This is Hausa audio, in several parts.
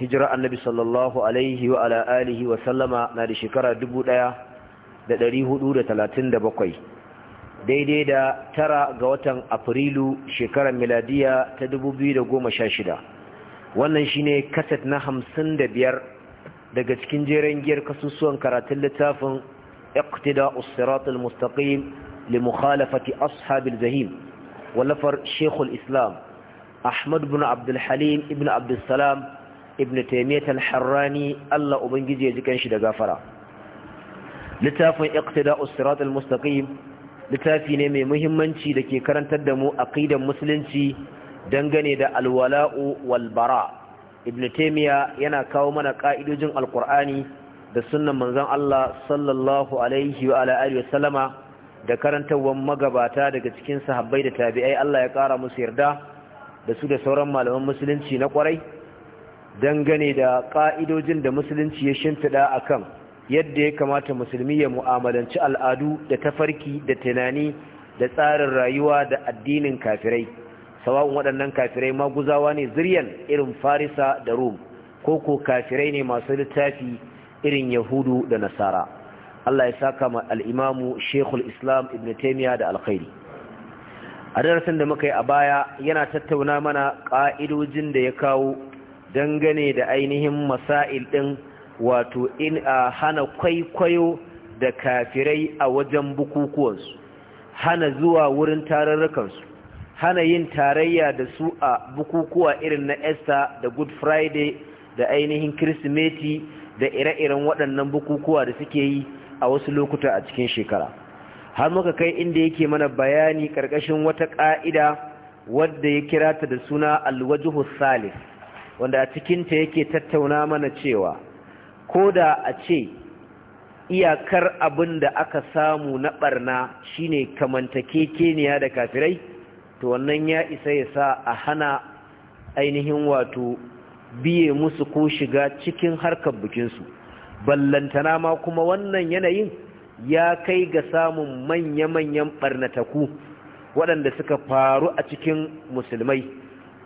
hijira annabi sallallahu alaihi wa ala alihi wa sallama na da shekara 1437 daidai da tara ga watan afrilu shekarar miladiya ta 2016 wannan shine kaset na 55 daga cikin jeren giyar kasusuwan karatun littafin iqtida us-sirat mustaqim li mukhalafati ashabil zahim wallafar shekul islam ahmad ibn abdul halim ibn abdul salam ibn taymiyyah al-harrani Allah ubangiji ya ji shi da gafara littafin iqtida'us al mustaqim littafi ne mai muhimmanci da ke karantar da mu aqidan musulunci dangane da alwala'u wal bara ibn taymiyyah yana kawo mana ka'idojin alqur'ani da sunnan manzon Allah sallallahu alaihi wa ala alihi wasallama da karantawan magabata daga cikin sahabbai da tabi'ai Allah ya kara musu yarda da su da sauran malaman musulunci na kwarai dangane da ƙa'idojin da musulunci ya shimfiɗa a kan yadda ya kamata musulmi ya mu'amalanci al'adu da tafarki da tunani da tsarin rayuwa da addinin kafirai sawa'un waɗannan kafirai maguzawa ne ziryan irin farisa da rum ko ko kafirai ne masu littafi irin yahudu da nasara allah ya saka ma al'imamu shekul islam ibn taimiyya da alkhairi a darasin da muka yi a baya yana tattauna mana ƙa'idojin da ya kawo dangane da ainihin masail ɗin wato in a hana kwaikwayo da kafirai a wajen bukukuwansu hana zuwa wurin tararrakansu hana yin tarayya da su a bukukuwa irin na Easter da Good Friday da ainihin Kirsimeti da ire-iren waɗannan bukukuwa da suke yi a wasu lokuta a cikin shekara har muka kai inda yake mana bayani ƙarƙashin wata ƙa'ida wadda ya kira ta da suna alwajuhu salis wanda a cikinta yake tattauna mana cewa ko da a ce iyakar abin da aka samu na barna shine kamantakekeniya da kafirai to wannan ya isa ya sa a hana ainihin wato biye musu ko shiga cikin harkar bikinsu ballantana ma kuma wannan yanayin ya kai ga samun manya-manyan barnataku waɗanda suka faru a cikin musulmai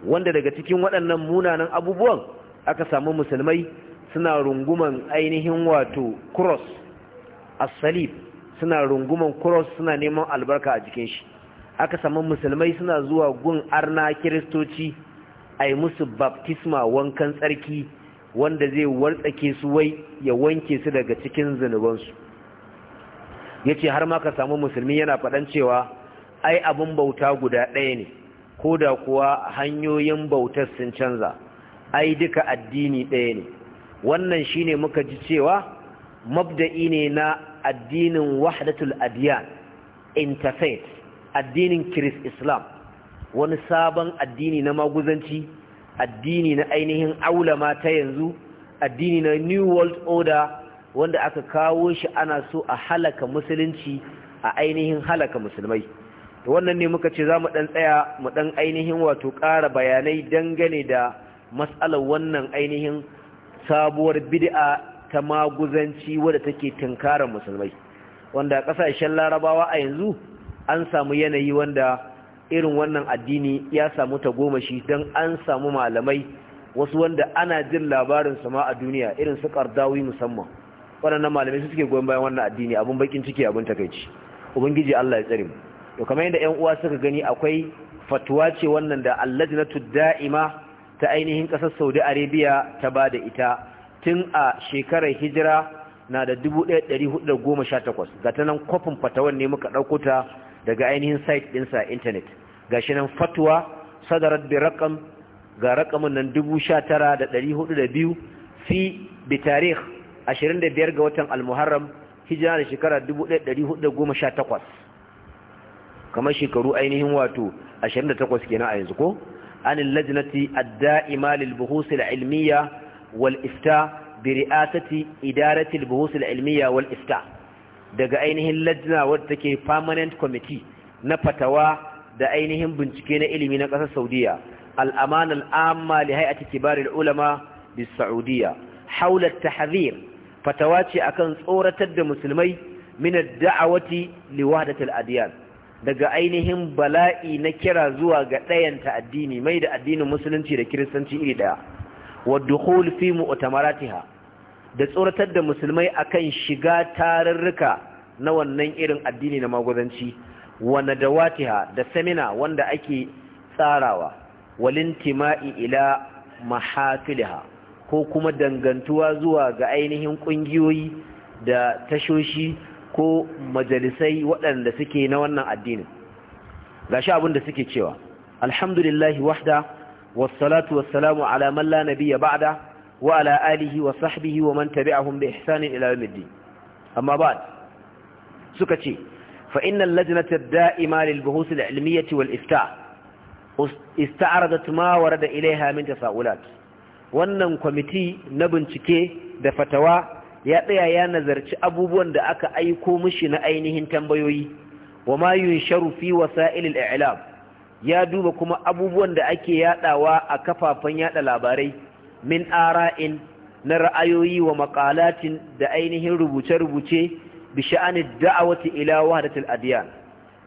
wanda daga cikin waɗannan munanan abubuwan aka samu musulmai suna runguman ainihin wato cross as-salib suna runguman cross suna neman albarka a jikin shi aka samu musulmai suna zuwa gun arna kiristoci ai musu baptisma wankan tsarki wanda zai wartsake su wai ya wanke su daga cikin zunubansu ce har ma ka samu musulmi yana faɗan cewa ai abin bauta guda ɗaya ne ko da kuwa hanyoyin bautar sun canza ai duka addini ɗaya ne wannan shine muka ji cewa mabda'i ne na addinin wahdatul adiyan interfaith addinin kiris islam wani sabon addini na maguzanci addini na ainihin aulama ta yanzu addini na new world order wanda aka kawo shi ana so a halaka musulunci a ainihin halaka musulmai to wannan ne muka ce za mu ɗan tsaya mu ɗan ainihin wato ƙara bayanai dangane da matsalar wannan ainihin sabuwar bid'a ta maguzanci wadda take tunkarar musulmai wanda ƙasashen larabawa a yanzu an samu yanayi wanda irin wannan addini ya samu tagomashi don an samu malamai wasu wanda ana jin labarin sama a duniya irin su ƙardawi musamman waɗannan malamai su suke goyon bayan wannan addini abin bakin ciki abin takaici ubangiji Allah ya tsare mu to kamar yadda ƴan uwa suka gani akwai fatuwa ce wannan da allajnatu da'ima ta ainihin ƙasar Saudi Arabia ta ba da ita tun a shekarar hijira na da 1418 ga ta nan kofin fatawan ne muka ɗauko ta daga ainihin site ɗinsa intanet ga shi nan fatuwa sadarar bi rakam ga rakamin nan 19,402 fi bi tarih 25 ga watan al-muharram hijira da shekarar 1418 kamar shekaru ainihin wato 28 kenan a yanzu ko an lajnati ad-da'ima lil buhus al-ilmiya wal ifta bi ri'asati idarati al-buhus al-ilmiya wal ifta daga ainihin lajna wadda take permanent committee na fatawa da ainihin bincike na ilimi na ƙasar Saudiya al-amana al-amma li hay'ati kibar al-ulama bi Saudiya haula at-tahdhir fatawa ce akan tsoratar da musulmai min ad-da'awati li wahdatil adyan daga ainihin bala'i na kira zuwa ga ɗayanta addini mai da addinin musulunci da kiristanci iri ɗaya wadda fi mu'tamaratiha da tsoratar da musulmai akan shiga tarurruka na wannan irin addini na magwadanci wa watiha da samina wanda ake tsarawa walin tima'i ila mahafiliha ko kuma dangantuwa zuwa ga ainihin ƙungiyoyi da tashoshi ko majalisai waɗanda suke na wannan addinin gashi abin da suke cewa alhamdulillahi wahda wassalatu wassalamu ala man la nabiyya ba'da wa ala alihi wa sahbihi wa man tabi'ahum bi ihsanin ila yawmiddin amma ba'd suka ce fa innal lajnata ad-da'ima lil buhus al-ilmiyyah wal ifta ista'aradat ma warada ilayha min wannan kwamiti na bincike da fatawa ya tsaya ya nazarci abubuwan da aka aiko mishi na ainihin tambayoyi wa ma yunsharu fi wasailil i'lam ya duba kuma abubuwan da ake yadawa a kafafen yada labarai min ara'in na ra'ayoyi wa maqalatin da ainihin rubuce-rubuce bi sha'ani da'awati ila wahdatil adyan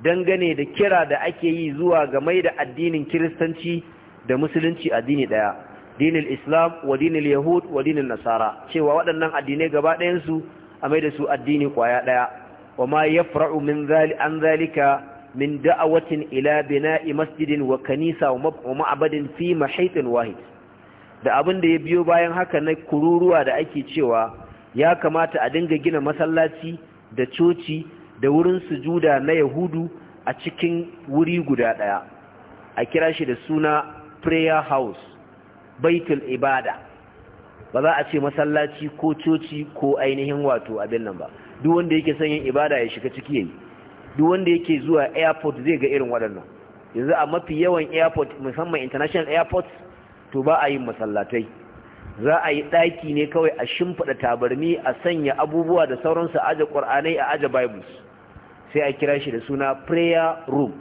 dangane da kira da ake yi zuwa ga mai da addinin kiristanci da musulunci addini daya dinil islam wa اليهود yahud wa شيء nasara cewa waɗannan addinai gaba ɗayansu يدسو da su addini kwaya ɗaya wa ma ذلك من an zalika بناء مسجد وكنيسة ومعبد masjidin wa kanisa ma'abadin wahid da abin da ya biyo bayan haka na kururuwa da ake cewa ya kamata a dinga gina masallaci da coci da wurin sujuda na yahudu a cikin wuri guda ɗaya a kira shi da suna prayer house baitul ibada ba za a ce masallaci ko coci ko ainihin wato abin nan ba duk wanda yake son yin ibada ya shiga ciki yayi duk wanda yake zuwa airport zai ga irin waɗannan yanzu a mafi yawan airport musamman international airport to ba a yin masallatai za a yi ɗaki ne kawai a shimfiɗa tabarmi a sanya abubuwa da sauransu a aje ƙur'anai a aje bibles sai a kira shi da suna prayer room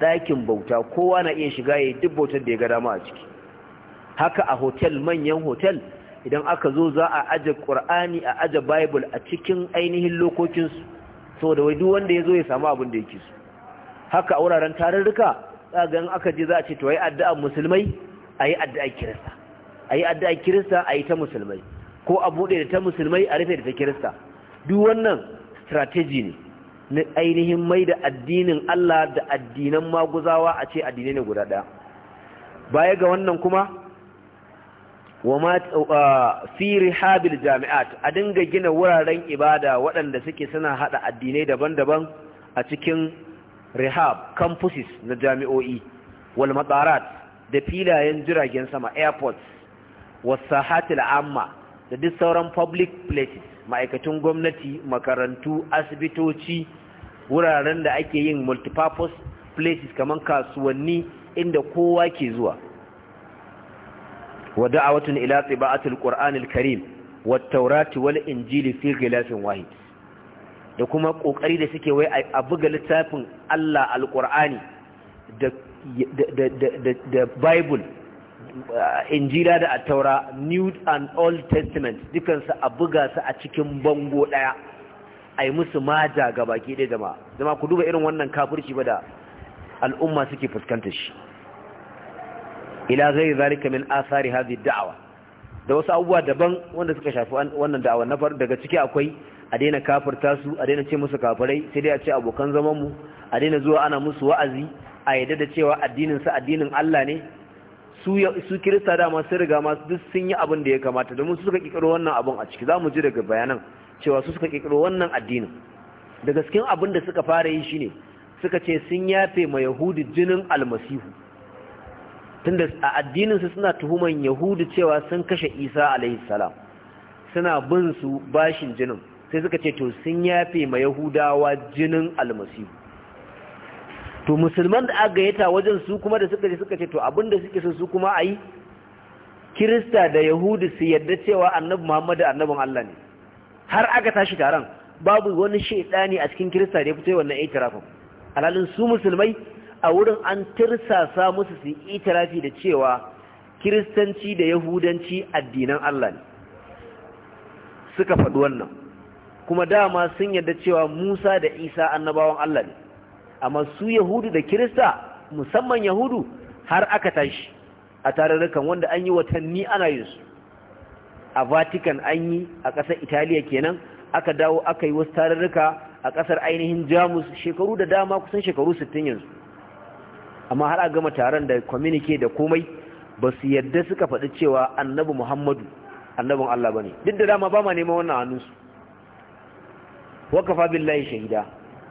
ɗakin bauta kowa na iya shiga ya yi duk bautar da ya ga dama a ciki haka a hotel manyan hotel idan aka zo za a aje ƙur'ani a aje bible a cikin ainihin lokokinsu da wai duk wanda ya zo ya samu abin da yake haka a wuraren tarurruka ga in aka je za a ce to yi addu'a musulmai a yi addu'a kirista a yi addu'a kirista a yi ta musulmai ko a buɗe da ta musulmai a rufe da ta kirista duk wannan strategy ne na ainihin mai da addinin Allah da addinan maguzawa a ce addinai ne guda ɗaya baya ga wannan kuma wa ma uh, fi rihabil jami'at a dinga gina wuraren ibada waɗanda suke suna hada addinai daban-daban a cikin rihab campuses na jami'o'i wal matarat da filayen jiragen sama airports wasahatil amma da duk sauran public places ma'aikatan gwamnati makarantu asibitoci wuraren da ake yin multipurpose places kamar kasuwanni inda kowa ke zuwa wa da'awatun ila tibaatil qur'anil karim wat taurati wal injili fi ghilafin da kuma kokari da suke wai a buga littafin Allah alqur'ani da da da bible injila da taura, new and old testament dukansu a buga su a cikin bango daya ai musu maja ga baki ɗaya jama'a jama'a ku duba irin wannan kafirci ba da al'umma suke fuskantar shi ila zai zalika min asari hadhihi da'awa da wasu abubuwa daban wanda suka shafi wannan da'awa na farko daga ciki akwai a daina kafirta su a daina ce musu kafirai sai dai a ce abokan zaman mu a daina zuwa ana musu wa'azi a yadda da cewa addinin sa addinin Allah ne su su kirista ma sun riga ma duk sun yi abin da ya kamata domin su suka kikiro wannan abin a ciki zamu ji daga bayanan cewa su suka kikiro wannan addinin da cikin abin da suka fara yi shine suka ce sun yafe ma yahudi jinin almasihu tunda a addinin su suna tuhuman yahudu cewa sun kashe isa alaihi salam suna bin su bashin jinin sai suka ce to sun yafe ma yahudawa jinin almasihu to musulman da aka gayyata wajen su kuma da suka ce suka ce to abinda suke so su kuma yi? kirista da yahudu su yadda cewa annabi Muhammadu annabin allah ne har aka tashi taron babu wani shaidani a cikin kirista da ya fito wannan itirafin alhalin su musulmai a wurin an tirsasa musu su yi itirafi da cewa kiristanci da yahudanci addinan Allah ne suka faɗi wannan kuma dama sun yarda cewa Musa da Isa annabawan Allah ne amma su yahudu da kirista musamman yahudu har aka tashi a tarurrukan wanda an yi watanni ana yin su a vatican an yi a ƙasar italiya kenan aka dawo aka yi wasu tarurruka a ƙasar ainihin jamus shekaru da dama kusan shekaru 60 yanzu amma har a gama taron da communique da komai ba su yadda suka faɗi cewa annabi muhammadu annabin Allah ba ne duk da dama ba ma neman wannan hannunsu wakafa billahi shahida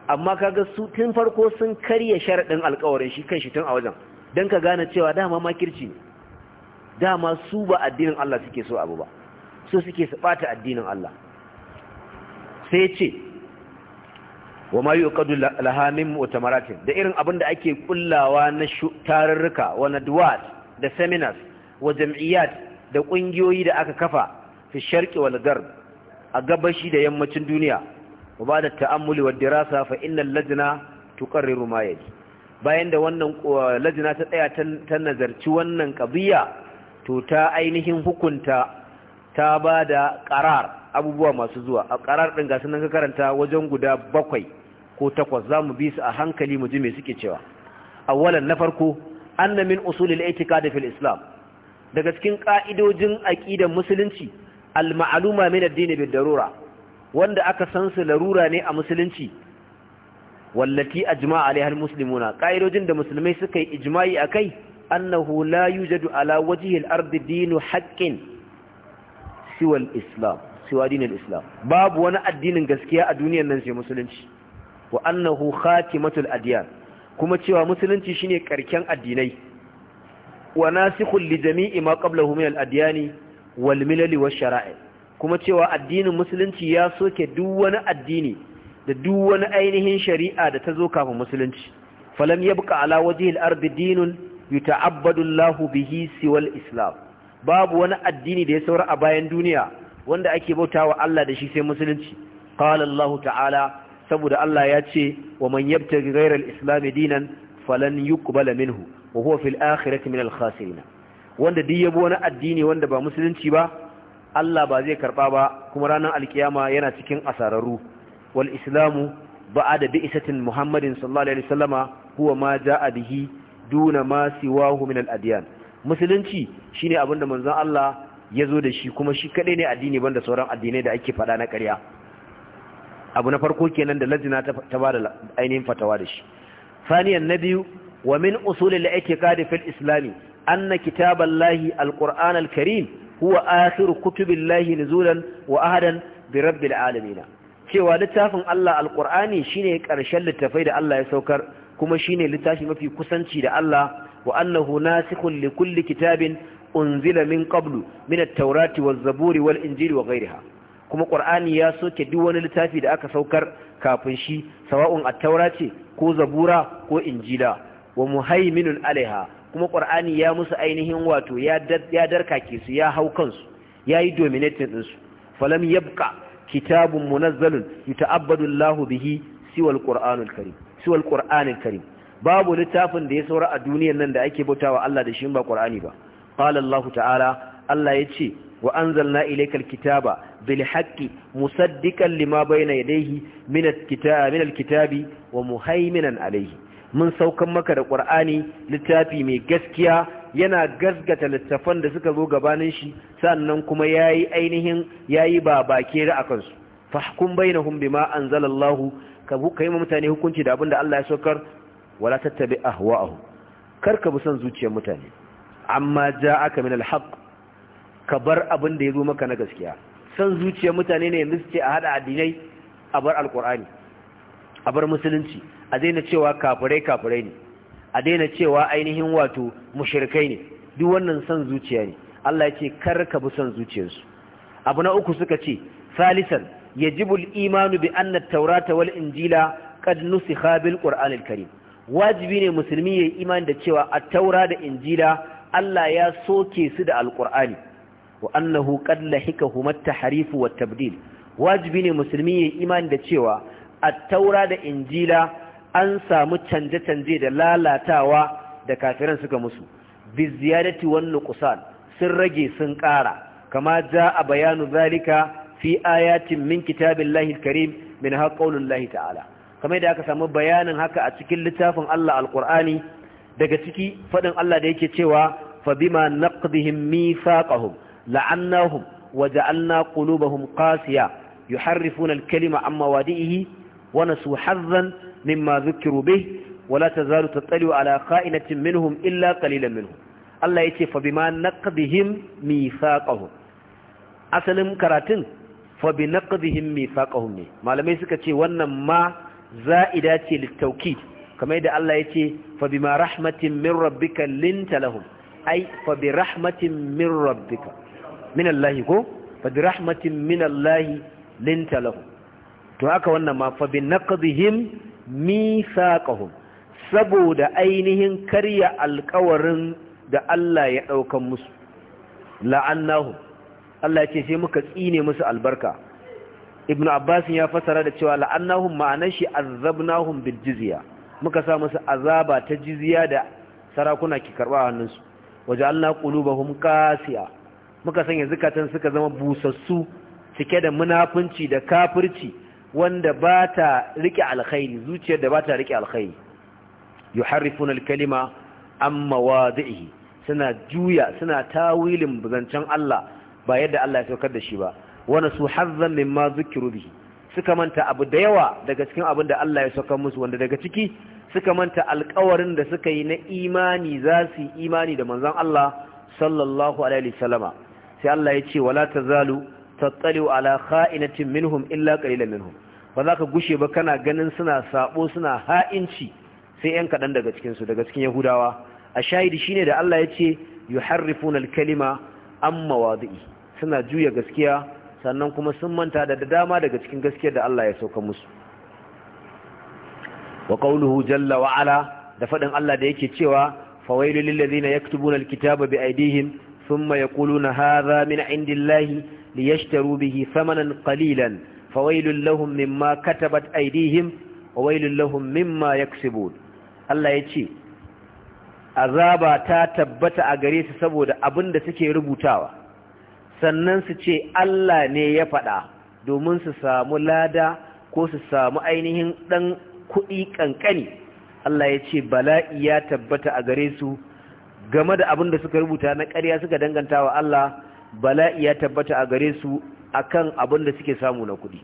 amma ga su tun farko sun karya sharaɗin alkawarin shi kan shi tun a wajen don ka gane cewa dama makirci ne dama su ba addinin Allah suke so abu ba su suke su ɓata addinin Allah sai ce wa ma yi laha min mu'tamaratin da irin abin da ake kullawa na tarurruka wa duwat da seminars wa jam'iyyat da ƙungiyoyi da aka kafa fi sharƙi wal a gabashi da yammacin duniya wa ba da ta'ammuli wa dirasa fa innal lajna tuqarriru ma yaji bayan da wannan uh, lajna ta tsaya ta nazarci wannan ƙabiya, to ta ainihin hukunta ta ba da qarar abubuwa masu zuwa a ƙarar ɗin ga sunan ka karanta wajen guda bakwai ko takwas za mu bi su a hankali mu ji mai suke cewa Awalan, na farko anna min usulil i'tiqad fil islam daga cikin ka'idojin aqidar musulunci al ma'luma min ad bid darura wanda aka san su larura ne a musulunci wallati ajma'a alaiha al muslimuna ka'idojin da musulmai suka yi ijma'i akai annahu la yujadu ala wajhi al ardi dinu haqqin siwa al islam siwa al islam babu wani addinin gaskiya a duniyar nan sai musulunci wa annahu khatimatul adyan kuma cewa musulunci shine karken addinai wa nasikhul li jami'i ma qablahu min al adyani wal milali wash shara'i kuma cewa addinin musulunci ya soke duk wani addini da duk wani ainihin shari'a da ta zo kafin musulunci falam yabqa ala wajhil ardi dinun yuta'abbadu Allahu bihi siwal islam babu wani addini da ya saura a bayan duniya wanda ake bautawa Allah da shi sai musulunci qala ta'ala saboda Allah ya ce wa man gairar ghayra al dinan falan yuqbala minhu wa huwa fil akhirati min al wanda duk yabo wani addini wanda ba musulunci ba Allah ba zai karba ba kuma ranar alkiyama yana cikin asararu wal islamu ba da da isatin muhammadin sallallahu alaihi wasallama huwa ma ja'a bihi duna ma siwahu min al-adyan musulunci shine abinda manzon Allah ya zo da shi kuma shi kadai ne addini banda sauran addinai da ake fada na ƙarya abu na farko kenan da lajina ta ba da ainihin fatawa da shi saniyan na biyu wa min usulil i'tiqadi fil islami anna Lahi, alquran alkarim huwa akhir kutubillahi nuzulan wa ahadan bi rabbil alamin cewa littafin Allah alkur'ani shine karshen littafai da Allah ya saukar kuma shine littafi mafi kusanci da Allah wa annahu nasikhun li kulli kitabin unzila min qablu min at-taurati waz-zaburi wal-injili wa ghayriha kuma ƙur'ani ya soke duk wani littafi da aka saukar kafin shi sawa'un attaura ce ko zabura ko injila wa muhaiminun alaiha kuma ƙur'ani ya musu ainihin wato ya darkake su ya hau kansu ya yi dominating ɗinsu falam yabka kitabun munazzalun yuta'abbadu Allahu bihi siwal qur'anul karim siwal karim babu littafin da ya saura a duniyar nan da ake bautawa Allah da shi ba qur'ani ba qala Allah ta'ala Allah ya ce wa anzalna ilaykal kitaba bil haqqi musaddiqan lima bayna yadayhi min kitabi wa muhaiminan alaihi mun saukan maka da ƙur'ani littafi mai gaskiya yana gasgata littafan da suka zo gabanin shi sannan kuma yayi ainihin yayi babakera ra akan su fahkum bainahum bima anzalallahu ka kai mutane hukunci da abin da Allah ya saukar wala tattabi ahwa'ahum karka bi son zuciyar mutane amma ja'aka min al ka bar abin da ya zo maka na gaskiya san zuciyar mutane ne yanzu suke a hada addinai a bar alkur'ani a bar musulunci a daina cewa kafirai kafirai ne a daina cewa ainihin wato mushrikai ne duk wannan san zuciya ne Allah ya ce kar ka bi san zuciyarsu abu na uku suka ce salisan yajibu al-imanu bi anna at-taurata wal injila qad nusikha bil qur'an al-karim wajibi ne musulmi ya yi imani da cewa at-taura da injila Allah ya soke su da al wa annahu qad lahika huma at-tahrif wa tabdil wajibi ne musulmi ya imani da cewa at-taura da injila an samu canje-canje da lalatawa da kafiran suka musu bi ziyadati wan nuqsan sun rage sun ƙara kama jaa bayanu zalika fi ayatin min kitabillahi al-karim min haqqaulillahi ta'ala kamar da aka samu bayanin haka a cikin littafin Allah alqur'ani daga ciki fadin Allah da yake cewa fa bima naqdihim mithaqahum la'annahum wa ja'alna qulubahum qasiya yuharrifuna al-kalima amma wadihi wa nasu hazzan mimma dhukiru bih wa la tazalu tattali'u ala kha'inatin minhum illa qalilan minhum Allah yace fa bima naqdihim mithaqahum asalin karatun fa bi naqdihim mithaqahum ne malamai suka ce wannan ma za'ida ce littaukid kamar da Allah yace fa bima rahmatin min rabbika linta lahum ai fa bi rahmatin min rabbika min Allah ko fa bi rahmatin min Allah linta lahu to haka wannan ma fa bi naqdihim mithaqahum saboda ainihin karya alƙawarin da Allah ya daukan musu la'annahu Allah ce sai muka tsine musu albarka ibnu abbas ya fasara da cewa la'annahum ma'anar shi azabnahum bil jizya muka sa musu azaba ta jizya da sarakuna ki karba hannunsu allah qulubahum qasiya muka sanya zukatan suka zama busassu cike da munafunci da kafirci wanda ba ta rike alkhairi zuciyar da ba ta rike alkhairi yuharrifun alkalima amma mawadihi suna juya suna tawilin zancen Allah ba yadda Allah ya saukar da shi ba wani su hazzan mimma zukiru bihi suka manta abu da yawa daga cikin abin da Allah ya saukar musu wanda daga ciki suka manta alƙawarin da suka yi na imani za su yi imani da manzon Allah sallallahu alaihi wasallama sai Allah ya ce wala tazalu tattaliu ala kha'inatin minhum illa qalilan minhum ba za ka gushe ba kana ganin suna sabo suna ha'inci sai yan kadan daga cikin su daga cikin yahudawa a shahidi shine da Allah ya ce yuharrifuna al-kalima an mawadi'i suna juya gaskiya sannan kuma sun manta da dama daga cikin gaskiyar da Allah ya sauka musu wa qawluhu jalla wa ala da fadin Allah da yake cewa fawailu lil ladina yaktubuna al-kitaba bi aydihim ثم يقولون هذا من عند الله ليشتروا به ثمنا قليلا فويل لهم مما كتبت أيديهم وويل لهم مما يكسبون الله يتشي azaba ta tabbata a gare su saboda abin da suke rubutawa sannan su ce Allah ne ya faɗa domin su samu lada ko su samu ainihin ɗan kuɗi ƙanƙani Allah ya ce bala'i ya tabbata a gare su game da abin da suka rubuta na ƙarya suka danganta wa Allah bala'i ya tabbata a gare su akan abin da suke samu na kuɗi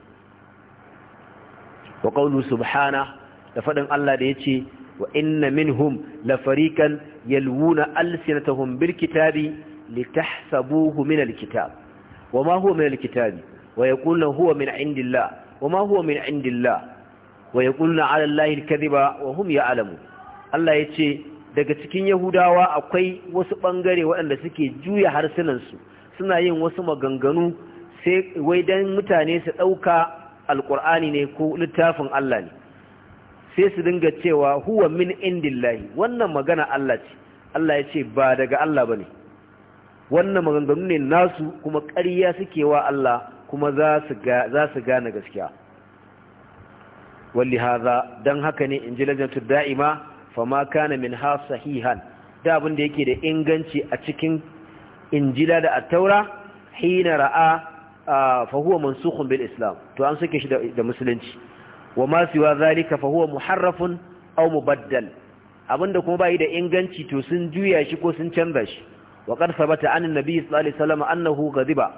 wa qawlu subhana da faɗin Allah da yace wa inna minhum la fariqan yalwuna alsinatahum bil kitabi litahsabuhu min al kitab wa ma huwa min al kitabi wa yaquluna huwa min indillah wa ma huwa min indillah wa yaquluna ala allahi al kadhiba wa hum ya'lamun Allah yace daga cikin yahudawa akwai wasu ɓangare waɗanda suke juya harsunansu suna yin wasu maganganu sai wai dan mutane su ɗauka alƙur'ani ne ko littafin Allah ne sai su dinga cewa huwa min indillahi wannan magana Allah ce Allah ya ce ba daga Allah ba ne wannan maganganu ne nasu kuma ƙarya suke wa Allah kuma za su gane gaskiya walli haza don haka ne in ji da'ima fama kana min ha sahihan da abin da yake da inganci a cikin injila da attaura hina ra'a fa huwa mansukhun bil islam to an sake shi da musulunci wa ma siwa zalika fa huwa muharrafun aw mubaddal abinda kuma bai da inganci to sun juya shi ko sun canza shi wa qad sabata an annabi sallallahu alaihi wasallam annahu ghadiba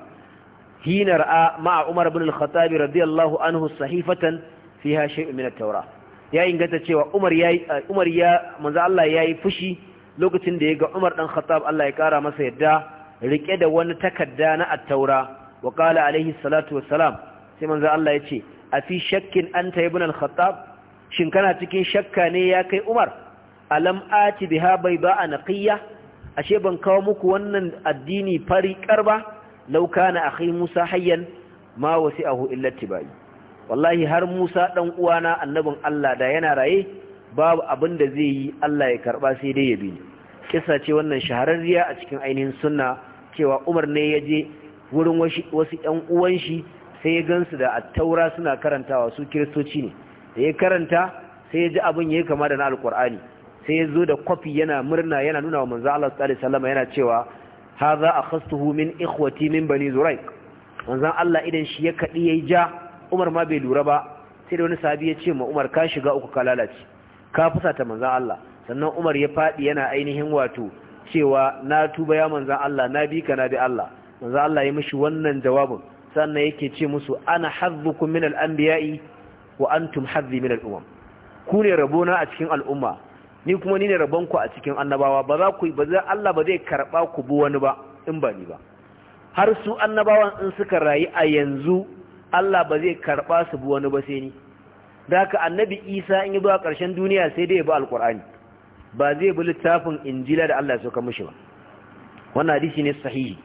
hina ra'a ma'a umar ibn al-khattab radiyallahu anhu sahifatan fiha shay'un min at-taurah ya inganta cewa Umar ya Umar ya yi Allah fushi lokacin da ya ga Umar ɗan Khattab Allah ya kara masa yadda rike da wani takarda na attaura taura wa qala alaihi salatu wassalam sai manza Allah ya ce a fi shakkin anta ibn al-Khattab shin kana cikin shakka ne ya kai Umar alam ati biha a naƙiyya ashe ban kawo muku wannan addini fari Lauka law kana akhi Musa hayyan ma wasi'ahu illa tibai wallahi har Musa dan uwana annabin Allah da yana raye babu abin da zai yi Allah ya karba sai dai ya bi ni kisa ce wannan shahararriya a cikin ainihin sunna cewa Umar ne ya je wurin wasu ƴan uwan shi sai ya gansu da attaura suna karantawa su kiristoci ne da ya karanta sai ya ji abin yayi kama da na alqur'ani sai ya zo da kwafi yana murna yana nuna wa manzo Allah sallallahu alaihi yana cewa hadha akhastuhu min ikhwati min bani zuraik manzon Allah idan shi ya kadi yayi ja Umar ma bai lura ba sai da wani sabi ya ce ma Umar ka shiga uku ka lalace ka fusata manzan Allah sannan Umar ya faɗi yana ainihin wato cewa na tuba ya manzon Allah na bi ka na bi Allah manzan Allah ya mishi wannan jawabin sannan yake ce musu ana hadzukum min al-anbiya'i wa antum hadzi min al-umam ku ne rabona a cikin al'umma ni kuma ni ne rabon ku a cikin annabawa ba za ku ba za Allah ba zai karba ku bu wani ba in ba ni ba har su annabawan in suka rayu a yanzu Allah ba zai karɓa su bu wani ba sai ni da haka annabi isa in yi zuwa ƙarshen duniya sai dai ya bi alƙur'ani ba zai bi littafin injila da Allah ya soka mishi ba wannan hadisi ne sahihi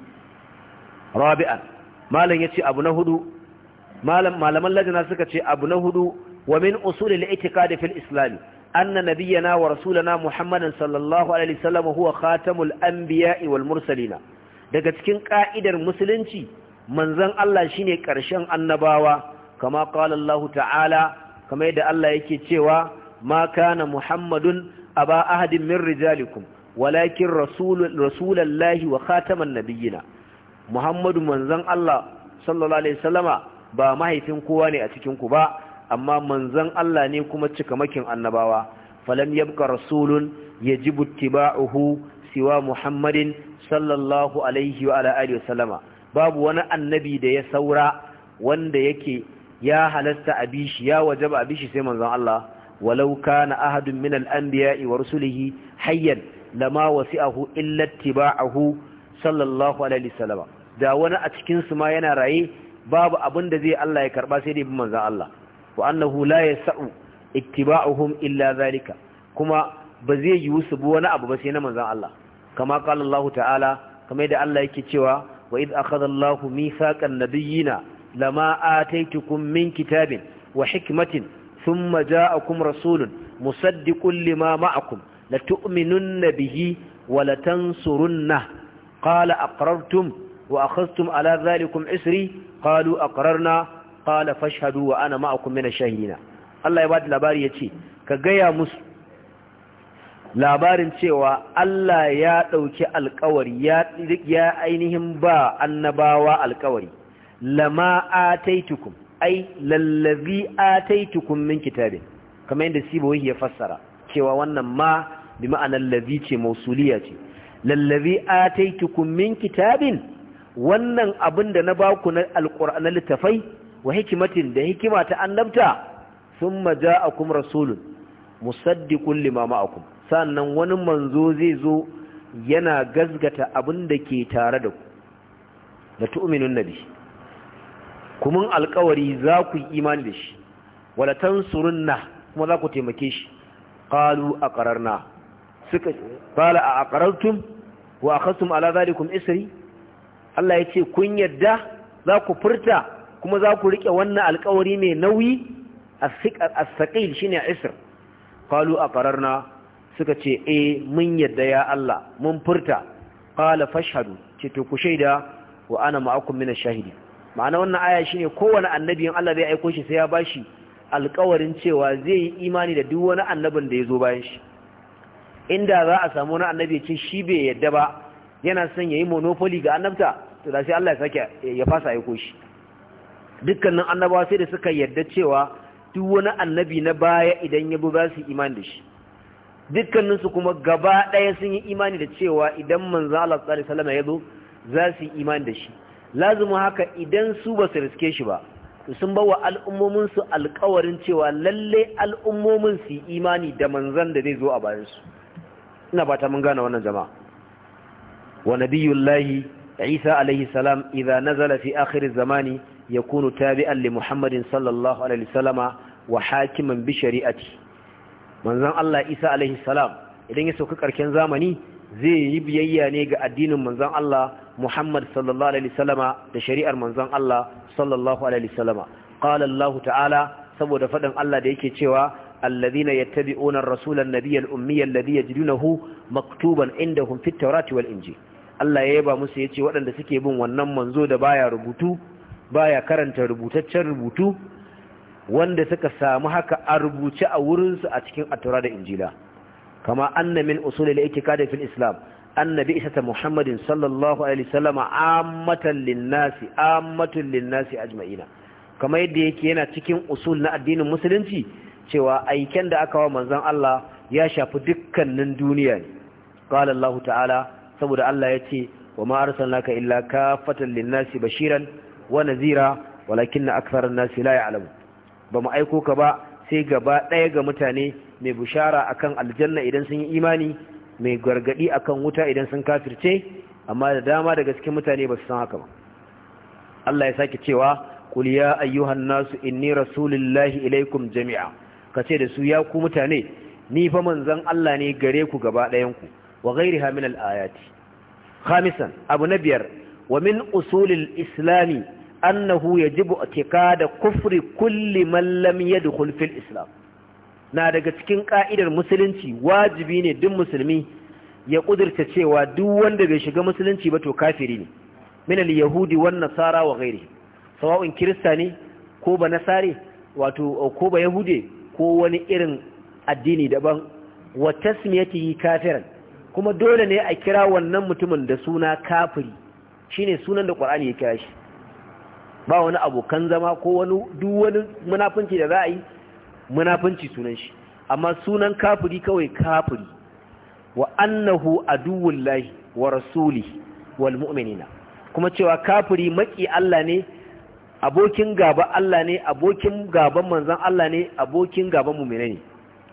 rabi'an malam yace abu na hudu malam malaman lajina suka ce abu na hudu wa min usulil i'tiqad fil islam anna nabiyyana wa rasulana muhammadan sallallahu alaihi wasallam huwa khatamul anbiya'i wal mursalina daga cikin ka'idar musulunci Manzan Allah shine ƙarshen annabawa kama qala ta'ala kamar yadda Allah yake cewa ma kana muhammadun aba ahadin min rijalikum walakin rasulullahi wa khataman nabiyina muhammadu manzan Allah sallallahu alaihi ba mahaifin kowa ne a cikin ku ba amma manzon Allah ne kuma cikamakin annabawa falam yabka rasulun ya ji siwa muhammadin sallallahu alaihi wa ala alihi babu wani annabi da ya saura wanda yake ya halasta abishi ya wajaba abishi sai manzon Allah walau kana ahadun min al-anbiya'i wa rusulihi hayyan lama wasi'ahu illa ittiba'ahu sallallahu alaihi wasallam da wani a cikin su ma yana raye babu abin da zai Allah ya karba sai dai bin manzon Allah wa annahu la yas'u ittiba'uhum illa zalika kuma ba zai yiwu su bi wani abu ba sai na manzon Allah kama qala Allah ta'ala kamar da Allah yake cewa wa idh akhadha Allahu mithaqan nabiyina lama ataitukum min kitabin wa hikmatin thumma ja'akum rasulun musaddiqun lima ma'akum latu'minunna bihi wa latansurunna qala aqrartum wa akhadhtum ala dhalikum isri qalu aqrarna qala fashhadu wa ana ma'akum min shahina. Allah ya bada labari yace ka gaya musu labarin cewa Allah ya ɗauki alkawari ya ainihin ba annabawa alkawari lama ataitukum ai lallazi ataitukum min kitabin kamar yadda Sibawi ya fassara cewa wannan ma bi ma'anar lallabi ce mausuliya ce lallazi ataitukum min kitabin wannan abin da na baku na alqur'anin littafai wa hikimatin da hikima ta annabta a ja'akum rasulun musaddiqun lima ma'akum sannan wani manzo zai zo yana gazgata abin da ke tare da ku da tu'minun nabi kuma alkawari za ku yi imani da shi wala tansurunna kuma za ku taimake shi qalu aqrarna suka qala a aqrartum wa akhadtum ala zalikum isri Allah yace kun yadda za ku furta kuma za ku rike wannan alkawari mai nauyi as-saqil shine isr qalu aqrarna suka ce e mun yadda ya Allah mun furta qala fashhadu ce to ku shaida wa ana ma'akum min shahidi ma'ana wannan aya shine kowanne annabi Allah zai aika shi sai ya bashi alƙawarin cewa zai yi imani da duk wani annabin da ya zo bayan shi inda za a samu wani annabi ce shi bai yadda ba yana son yayi yi monopoly ga annabta to da sai Allah ya sake ya fasa aiko shi dukkanin annabawa sai da suka yadda cewa duk wani annabi na baya idan ya bu za su imani da shi dukkaninsu kuma gaba ɗaya sun yi imani da cewa idan manzo Allah sallallahu ya zo za su yi imani da shi lazumi haka idan su ba su riske shi ba sun bawa wa su alƙawarin cewa lalle al'ummomin su yi imani da manzan da zai zo a bayan su ina ba ta mun gane wannan jama'a wa nabiyullahi Isa alaihi salam idza nazala fi akhir zamani yakunu tabi'an li Muhammadin sallallahu alaihi wasallama wa hakiman bi shari'ati manzon Allah Isa alaihi salam idan ya sauka karken zamani zai yi biyayya ne ga addinin manzon Allah Muhammad sallallahu alaihi wasallama da shari'ar manzon Allah sallallahu alaihi wasallama qala Allah ta'ala saboda faɗin Allah da yake cewa الذين يتبعون الرسول النبي الأمي الذي يجدونه مكتوبا عندهم في التوراة allah ya yaba musu yace waɗanda suke bin wannan manzo da baya rubutu baya karanta rubutaccen rubutu wanda suka samu haka a rubuce a wurinsu a cikin attara da injila kama anna min usulil itikadi fil islam annabi isa ta muhammadin sallallahu alaihi wasallama ammatan linnasi ammatun linnasi ajma'ina kamar yadda yake yana cikin usul na addinin musulunci cewa aiken da aka wa manzon Allah ya shafi dukkanin duniya ne qala Allah ta'ala saboda Allah ya ce wa ma arsalnaka illa kafatan linnasi bashiran wa nazira walakinna aktharan nasi la ya'lamun ba mu aiko ka ba sai gaba ɗaya ga mutane mai bushara akan aljanna idan sun yi imani mai gargaɗi akan wuta idan sun kafirce amma da dama daga cikin mutane ba su san haka ba Allah ya sake cewa qul ya ayyuhan nasu inni rasulullahi ilaikum jami'a kace da su ya ku mutane ni fa manzon Allah ne gare ku gaba ɗayan ku wa ghairiha min al-ayati khamisan abu na biyar wa min usulil islami annahu ya yajibu da kufri kulli mallam lam yadkhul fil islam na daga cikin ƙa'idar musulunci wajibi ne duk musulmi ya ƙudurta cewa duk wanda bai shiga musulunci ba to kafiri ne minal yahudi wan nasara wa ghairi sawa'un kirista ne ko ba nasare wato ko ba yahude ko wani irin addini daban wa yi kafiran kuma dole ne a kira wannan mutumin da suna kafiri shine sunan da qur'ani ya kira shi ba wani abokan zama ko wani duk wani munafunci da za a yi munafunci sunan shi amma sunan kafiri kawai kafiri wa annahu lahi wa rasuli wal mu'minina kuma cewa kafiri maki Allah ne abokin gaba Allah ne abokin gaban manzon Allah ne abokin gaban mu'mina ne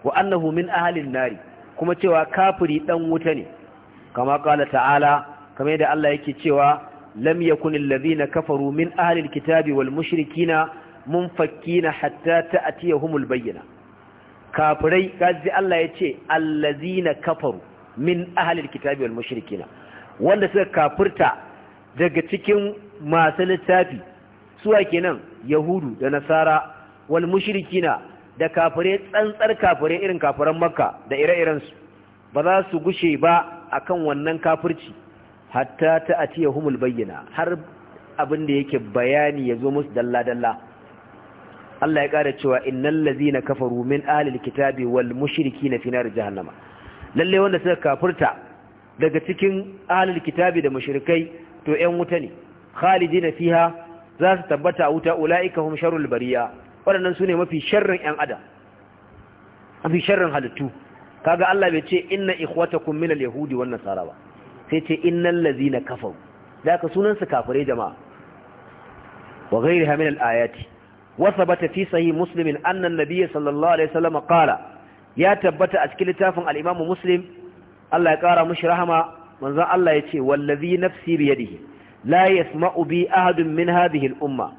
wa annahu min ahlin nari kuma cewa kafiri dan wuta ne kama kala ta'ala kamar yadda Allah yake cewa lam yakun alladhina kafaru min ahli alkitabi wal mushrikina munfakkina hatta ta'tiyahumul bayyana. kafirai kaji Allah ya yace allazina kafaru min ahli kitabi wal mushrikina wanda suka kafirta daga cikin masu littafi suwa kenan yahudu da nasara wal mushrikina da kafare tsantsar kafare irin kafaren makka da ire-irensu ba za su gushe ba akan wannan kafirci hatta ta atiya humul bayyana har abin da yake bayani ya zo musu dalla-dalla Allah ya ƙara cewa innal na kafaru min ahlil kitabi wal mushrikina fi nar jahannama lalle wanda suka kafurta daga cikin ahlil kitabi da mushrikai to 'yan wuta ne na fiha za su tabbata a wuta ulaika hum sharrul bariya waɗannan sune mafi sharrin 'yan adam mafi sharrin halittu kaga Allah bai ce inna ikhwatakum minal yahudi wan nasara ba sai ce innal ladzina kafaru da aka sunan su jama'a wa ghayriha min ayati wa fi sahi musulmin annan an sallallahu alaihi wasallam qala ya tabbata a cikin littafin al-imam muslim Allah ya kara mushi rahama manzon Allah ya ce wallazi nafsi bi yadihi la yasma'u bi ahadun min hadhihi al-umma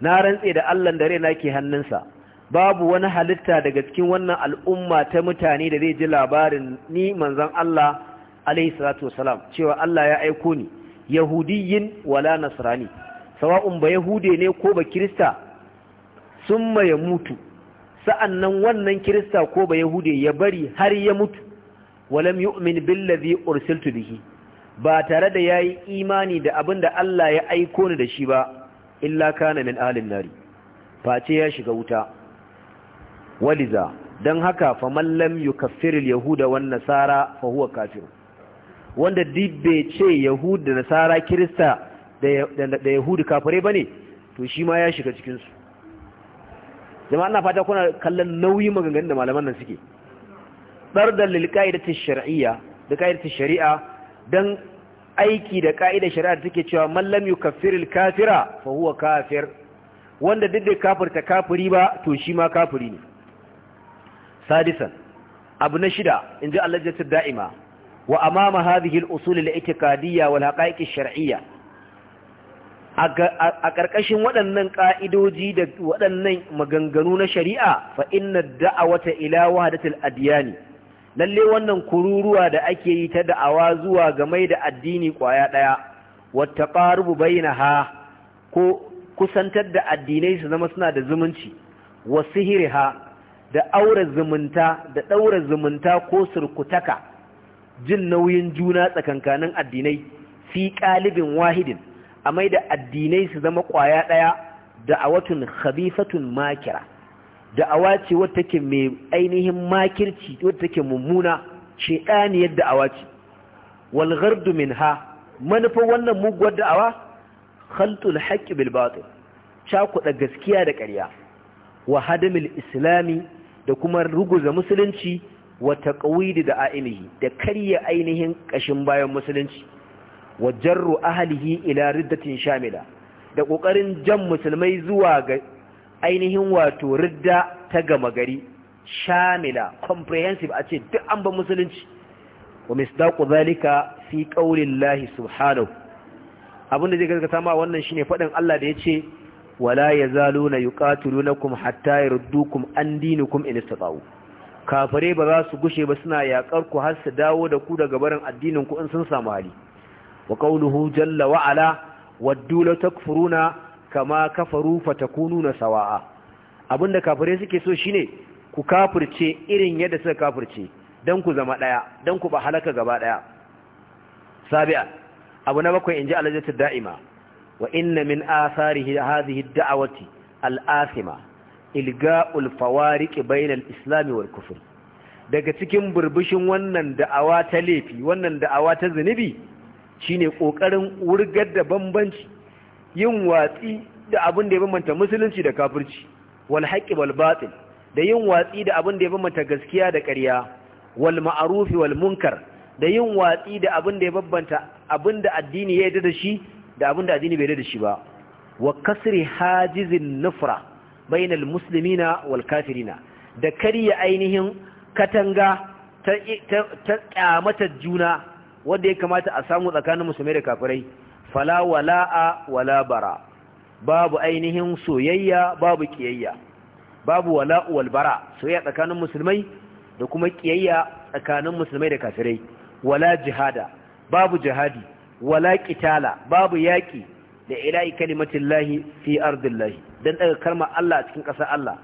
na rantse da Allah da raina ke hannunsa babu wani halitta daga cikin wannan al'umma ta mutane da zai ji labarin ni manzon Allah alaihi salatu wasalam cewa Allah ya aiko ni yahudiyyin wala nasrani sawa'un ba yahude ne ko ba kirista Sun ya mutu sa'annan wannan kirista ko ba yahude ya bari har ya mutu walam yu'min billazi ursiltu bihi ba tare da yayi imani da abin da Allah ya aiko ni da shi ba illa kana min ahlin nari face ya shiga wuta waliza don haka fa mallam yukaffiril yahuda wan nasara fa huwa kafirun wanda dibbe ce yahudu da nasara kirista da yahudu kafare ba ne to shi ma ya shiga cikinsu jama'a na fata kuna kallon nauyi maganganun da malaman nan suke ɗardar lilƙa'idatar shari'a da ta shari'a don aiki da ƙa'idar shari'a da take cewa mallam yi kafirin kafira fa huwa kafir wanda duk da kafirta kafiri ba to shi ma kafiri ne sadisan abu na shida in ji ta da'ima wa وأمام هذه الأصول الاعتقادية والحقائق shar'iyya a ƙarƙashin waɗannan ƙa'idoji da waɗannan maganganu na shari'a fa inna da'awata ila wahdatil adiyani lalle wannan kururuwa da ake yi ta da'awa zuwa game da addini ƙwaya ɗaya wata ƙarubu bayyana ha ko kusantar da addinai su zama suna da zumunci wa sihiri ha da aura zumunta da ɗaura zumunta ko surkutaka jin nauyin juna tsakankanin addinai fi ƙalibin wahidin a mai da addinai su zama ƙwaya ɗaya da'awatun khabifatun makira da'awa ce wata take mai ainihin makirci wata take mummuna yadda a ce wal domin ha manufar wannan muguwar da'awa khaltul haqqi bil batil cakuɗa gaskiya da ƙarya wa hadamil islami da kuma ruguza musulunci wa taqwid da ainihi da karya ainihin ƙashin bayan musulunci wa jarru ahlihi ila riddatin shamila da ƙoƙarin jan musulmai zuwa ga ainihin wato ridda ta gama gari shamila comprehensive a ce duk an ba musulunci wa misdaqu zalika fi qaulillahi subhanahu abinda zai gaskata ma wannan shine fadin Allah da yace wala yazaluna yuqatilunakum hatta yurdukum an dinikum in istata'u kafare ba za su gushe ba suna yaƙar ku har su dawo da ku daga barin addinin ku in sun samu hali wa qauluhu jalla wa ala waddu la takfuruna kama kafaru fatakununa sawa'a abinda kafare suke so shine ku kafirce irin yadda suka kafirce dan ku zama daya dan ku ba halaka gaba daya sabi'a abu na bakwai inji alajatu da'ima wa inna min asarihi hadhihi ad al asima ilga'ul fawariki bainal islami wal kufur daga cikin burbushin wannan da'awa ta laifi wannan da'awa ta zunubi shine kokarin wurgar da bambanci yin watsi da abin da ya bambanta musulunci da kafirci wal haqqi wal batil da yin watsi da abin da ya bambanta gaskiya da ƙarya wal ma'ruf wal munkar da yin watsi da abin da ya bambanta abin da addini ya yarda da shi da abin da addini bai yarda da shi ba wa kasri hajizin nufra bainal musulmina wal kafirina da karya ainihin katanga ta kyamata juna wanda ya kamata a samu tsakanin musulmai da kafirai fala wala'a wala bara babu ainihin soyayya babu kiyayya babu wala'u wal bara soyayya tsakanin musulmai da kuma kiyayya tsakanin musulmai da kafirai wala jihada babu jihadi wala qitala babu yaki da ila'i lahi fi lahi. dan daga kalmar Allah a cikin ƙasar Allah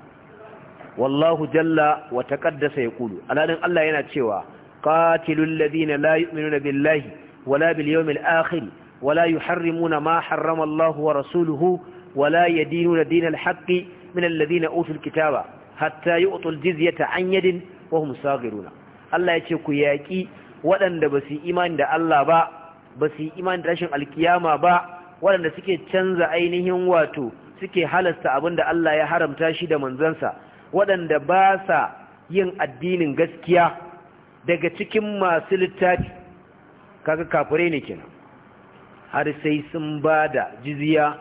wallahu jalla wa taqaddasa yaqulu aladin Allah yana cewa qatilul ladina la yu'minuna billahi wala bil yawmil akhir wala yuharrimuna ma harrama Allah wa rasuluhu wala yadinuna dinal haqqi min alladhina utul kitaba hatta yu'tul jizyata an yadin wa hum saghiruna Allah yace ku yaƙi waɗanda ba imani da Allah ba ba imani da rashin alkiyama ba waɗanda suke canza ainihin wato suke halasta abin da Allah ya haramta shi da manzansa waɗanda ba sa yin addinin gaskiya daga cikin masu littafi kaga kafure ne kenan har sai sun ba da jiziya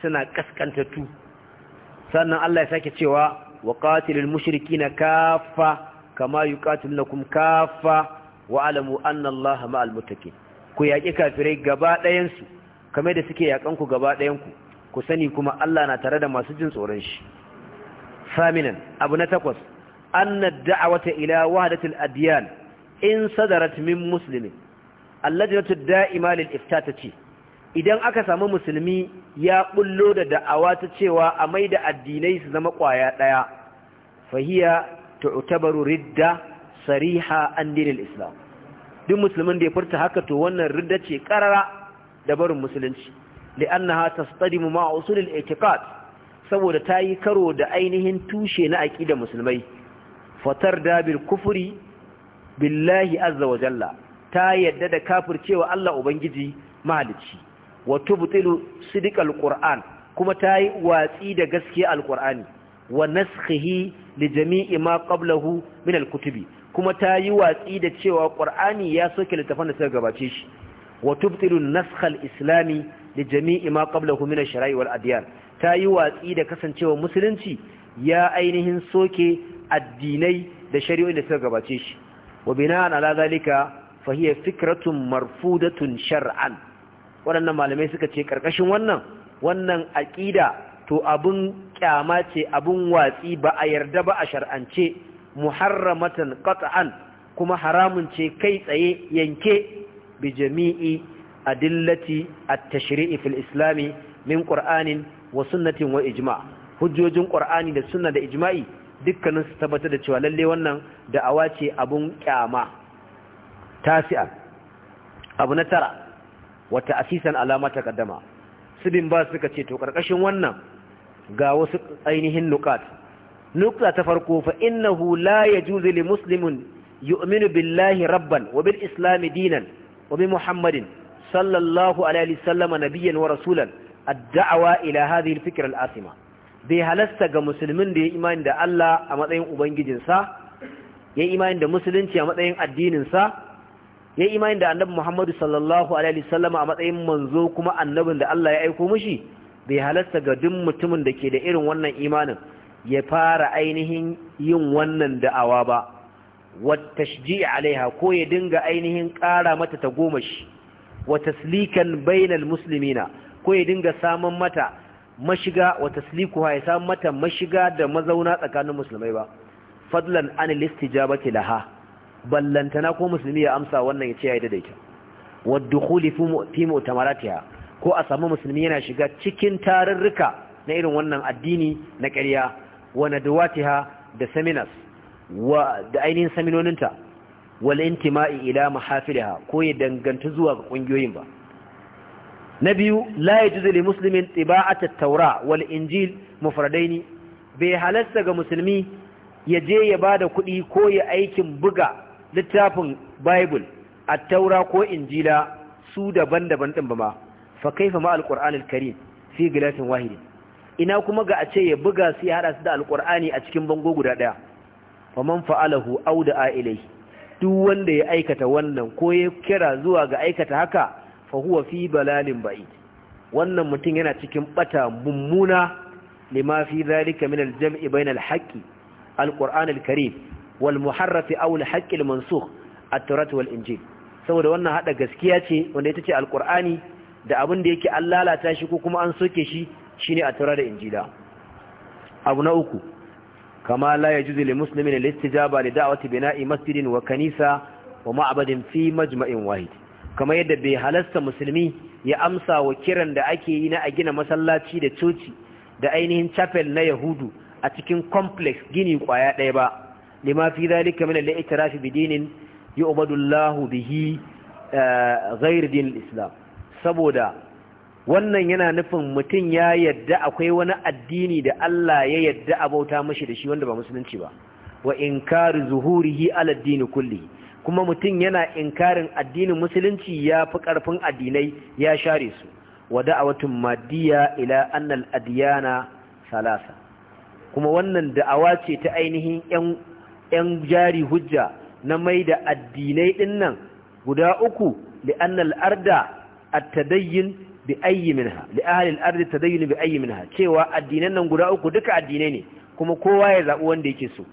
suna kaskantattu sannan Allah ya sake cewa wa qatilul na kafa kama kuma kafa wa alamu anna Allah ma'almutake ku yaƙi kafirai gaba ɗayansu kamar da suke yaƙan ku gaba ɗayan ku sani kuma Allah na tare da masu jin tsoron shi faminan abu na takwas anna da'awata ila wahdatil adyan in sadarat min muslimin allajnatu da'ima lil iftatati idan aka samu musulmi ya bullo da da'awa ta cewa a maida addinai su zama kwaya daya fahiya tu'tabaru ridda sariha an dinil islam duk musulmin da ya furta haka to wannan ridda ce karara da barin musulunci li'annaha tastadimu ma usulil i'tiqad saboda ta yi karo da ainihin tushe na aƙida musulmai fatar da kufuri, billahi azza jalla ta yadda da kafircewa Allah ubangiji mahalici wa tubtilu sidqal qur'an kuma ta yi watsi da gaskiya alqur'ani wa naskhihi li jami'i ma qablahu min alkutubi kuma ta yi watsi da cewa qur'ani ya soke littafan da suka gabace shi wa tubtilu naskhar islami da jami'i ma qablahu min ash-shara'i wal adyan ta yi watsi da kasancewa musulunci ya ainihin soke addinai da shari'o'in da suka gabace shi wa bina'an ala zalika fa hiya fikratun marfudatun shar'an waɗannan malamai suka ce karkashin wannan wannan aqida to abun kyama ce abun watsi ba a yarda ba a shar'ance muharramatan qat'an kuma haramun ce kai tsaye yanke bi jami'i adillati at-tashri'i fil islami min qur'anin wa sunnatin wa ijma' hujjojin qur'ani da sunna da ijma'i dukkanin su tabbatar da cewa lalle wannan da ce abun kyama tasi'a abu na tara wa ta'sisan alama kaddama. sibin ba suka ce to karkashin wannan ga wasu ainihin nukat nukta ta farko fa innahu la yajuzu li muslimin yu'minu billahi rabban wa bil islami dinan wa bi muhammadin sallallahu alaihi sallama nabiyyan wa rasulan ad-da'wa ila hadhihi al-fikr asima bai halasta ga musulmin da ya imani da Allah a matsayin ubangijinsa ya imani da musulunci a matsayin addininsa? sa ya imani da annabi Muhammadu sallallahu alaihi sallama a matsayin manzo kuma annabin da Allah ya aiko mishi bai halarta ga duk mutumin da ke da irin wannan imanin ya fara ainihin yin wannan da'awa ba wata alaiha ko ya dinga ainihin kara mata ta goma shi wa taslikan bainal muslimina ko ya dinga samun mata mashiga wa ya samun mata mashiga da mazauna tsakanin musulmai ba fadlan an listijabati laha ballantana ko musulmi ya amsa wannan ya ce ya daidaita wa dukhuli fi mu'tamaratiha ko a samu musulmi yana shiga cikin tarurruka na irin wannan addini na ƙarya wa nadawatiha da seminars da ainihin saminoninta wal intima'i ila mahafiliha ko ya danganta zuwa ga kungiyoyin ba na biyu la yajuzu li muslimin tiba'at at-taura wal injil mufradaini bai halasta ga musulmi ya je ya ba da kuɗi ko ya aikin buga littafin bible at-taura ko injila su daban-daban din ba ma fa kaifa ma al-qur'an al-karim fi wahidi ina kuma ga a ce ya buga su ya hada su da Alƙur'ani a cikin bango guda ɗaya? fa man fa'alahu auda a ilayhi duk wanda ya aikata wannan ko ya kira zuwa ga aikata haka fa huwa fi balalin ba'id wannan mutum yana cikin bata mummuna lima fi zalika min al-jam'i bayna al-haqqi al karim wal muharraf aw al-haqqi al-mansukh at wal Injil saboda wannan hada gaskiya ce wanda ita ce al da abin da yake an lalata shi ko kuma an soke shi shine at-Taurat da Injila abu na uku kama la yajuzu lil muslimin a istijaba da da'wati bina'i masjidin wa kanisa wa ma'badin fi majma'in wahid Kamar yadda bai halasta musulmi ya amsa wa kiran da ake yi na a gina masallaci da coci da ainihin chapel na yahudu a cikin complex gini kwaya ɗaya ba Limafi fi zalika min al-i'tirafi bi dinin yu'badu Allahu bihi ghayr din islam saboda wannan yana nufin mutum ya yadda akwai wani addini da Allah ya yadda a mashi da shi wanda ba musulunci ba wa inkari zuhurihi ala addini kulli kuma mutum yana inkarin addinin musulunci ya fi karfin addinai ya share su wa da'awatun maddiya ila annal adiyana salasa kuma wannan da'awa ce ta ainihin yan jari hujja na mai da addinai dinnan guda uku li annal arda at-tadayyin bi ayyi minha li ahli al-ardi tadayyun bi ayyi minha cewa addinan nan guda uku duka addinai ne kuma kowa ya zaɓi wanda yake so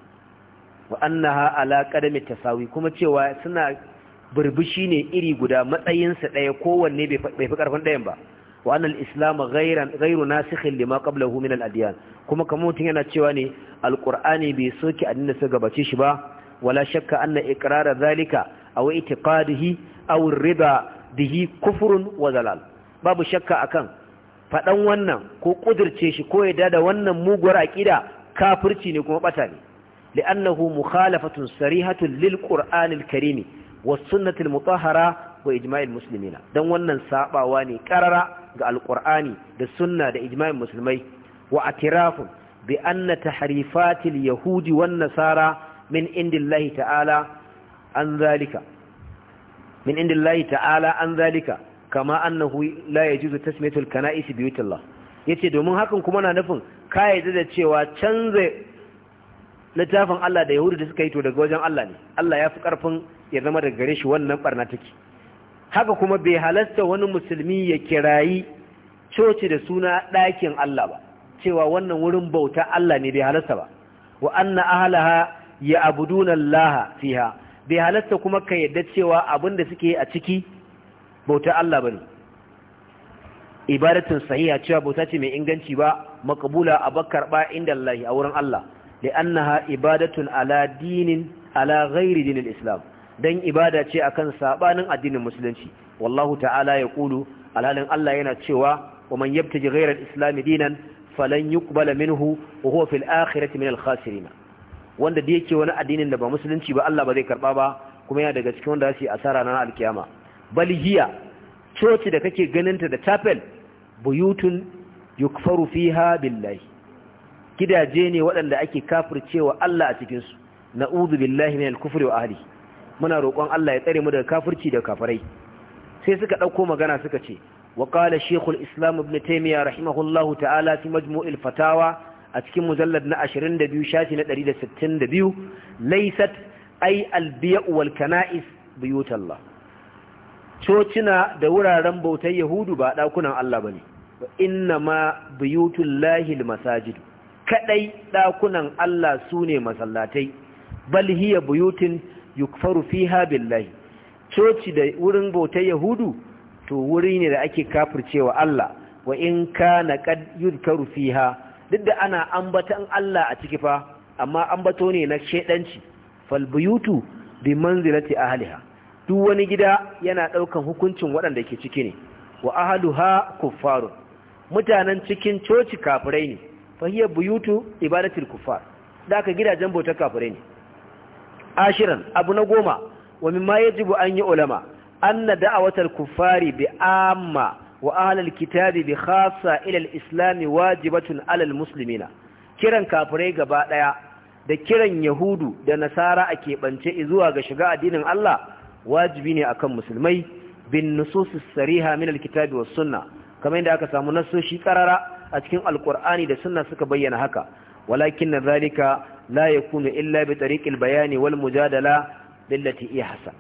wa annaha ala qadami tasawi kuma cewa suna burbushi ne iri guda matsayinsa ɗaya kowanne bai fi karfin dayan ba wa annal islam gairu ghayru nasikhin lima qablahu min al-adyan kuma kamar mutun yana cewa ne al bai soki addinin sa gabace shi ba wala shakka anna iqrara zalika aw itiqadihi aw ar-rida bihi kufrun wa dalal babu shakka akan faɗan wannan ko ƙudirce shi ko yadda da wannan muguwar aƙida kafirci ne kuma ɓata ne li'annahu mukhalafatun sarihatun lil qur'anil karimi was sunnatil mutahhara wa ijma'il muslimina dan wannan sabawa ne karara ga alqur'ani da sunna da ijma'in musulmai wa atirafun bi anna tahrifatil yahudi wan nasara min indillahi ta'ala an zalika min indillahi ta'ala an zalika kama annahu la yajuzu tasmiyatul kana'is biyutillah yace domin hakan kuma na nufin ka yadda da cewa canza littafin Allah da Yahudu da suka yi to daga wajen Allah ne Allah ya fi karfin ya zama daga gare shi wannan barna take haka kuma bai halasta wani musulmi ya kirayi coci da suna ɗakin Allah ba cewa wannan wurin bauta Allah ne bai halasta ba wa anna ahlaha ya abuduna Allah fiha bai halasta kuma ka yadda cewa abin da suke a ciki bauta Allah bane ibadatun sahiha cewa bauta ce mai inganci ba makabula a bakar ba inda Allah a wurin Allah annaha ibadatun ala dinin ala ghairi dinil islam dan ibada ce akan sabanin addinin musulunci wallahu ta'ala ya kulu alhalin Allah yana cewa wa man yabtaji ghayra al-islam dinan falan yuqbala minhu wa huwa fil akhirati min al-khasirin wanda da yake wani addinin da ba musulunci ba Allah ba zai karba ba kuma yana daga cikin wanda zai asara na alkiyama balhiya coci da kake ganinta da chapel buyutun yukfaru fiha billahi gidaje ne waɗanda ake kafircewa Allah a cikinsu, su na'udhu billahi minal kufri wa ahli muna roƙon Allah ya tsare mu daga kafirci da kafirai sai suka ɗauko magana suka ce wa qala shaykhul islam ibn taymiyyah rahimahullahu ta'ala fi majmu'il fatawa a cikin mujallad na 22 shafi na 162 laysat ay albiya'u wal kana'is buyutallah cocina da wuraren bautar yahudu ba ɗakunan Allah ba ne inna ma buyutun lahil masajidu kaɗai ɗakunan Allah su ne masallatai bal hiya buyutun yukfaru habin billahi coci da wurin bautar yahudu to wuri ne da ake kafircewa Allah wa in ka ƙad yukfaru fi ha duk da ana ambatan Allah a ciki fa amma ambato ne na shaɗanci fal buyutu bi manzilati ahliha duk wani gida yana ɗaukan hukuncin waɗanda ke ciki ne wa ha kuffaru. mutanen cikin coci kafirai ne fahiya buyutu ibadatul kuffar da aka gidajen bauta kafirai ne ashiran abu na goma wa mimma yajibu an yi ulama anna da'awatul kuffari bi amma wa ahlal kitabi bi khassa ila al-islam wajibatun ala al-muslimina kiran kafirai gaba daya da kiran yahudu da nasara a ɓance zuwa ga shiga addinin Allah wajibi ne akan musulmai bin nususis sariha min alkitabi was sunna kamar yadda aka samu nasoshi karara a cikin alqur'ani da sunna suka bayyana haka walakin zalika la yakunu illa bi tariqil bayani wal mujadala billati ihsan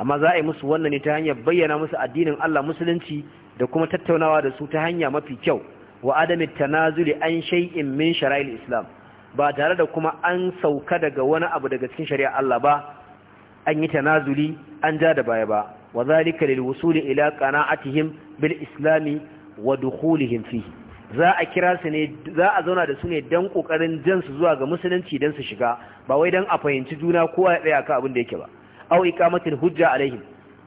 amma za a yi musu wannan ne ta hanyar bayyana musu addinin Allah musulunci da kuma tattaunawa da su ta hanya mafi kyau wa adami tanazuli an shay'in min shara'il islam ba tare da kuma an sauka daga wani abu daga cikin shari'a Allah ba an yi tanazuli an ja da baya ba wa zalika lil wusuli ila qana'atihim bil islami wa dukhulihim fihi za a kira su ne za a zauna da su ne dan kokarin jan su zuwa ga musulunci dan su shiga ba wai dan a fahimci juna ko a tsaya ka abin da yake ba aw iqamatil hujja alaihim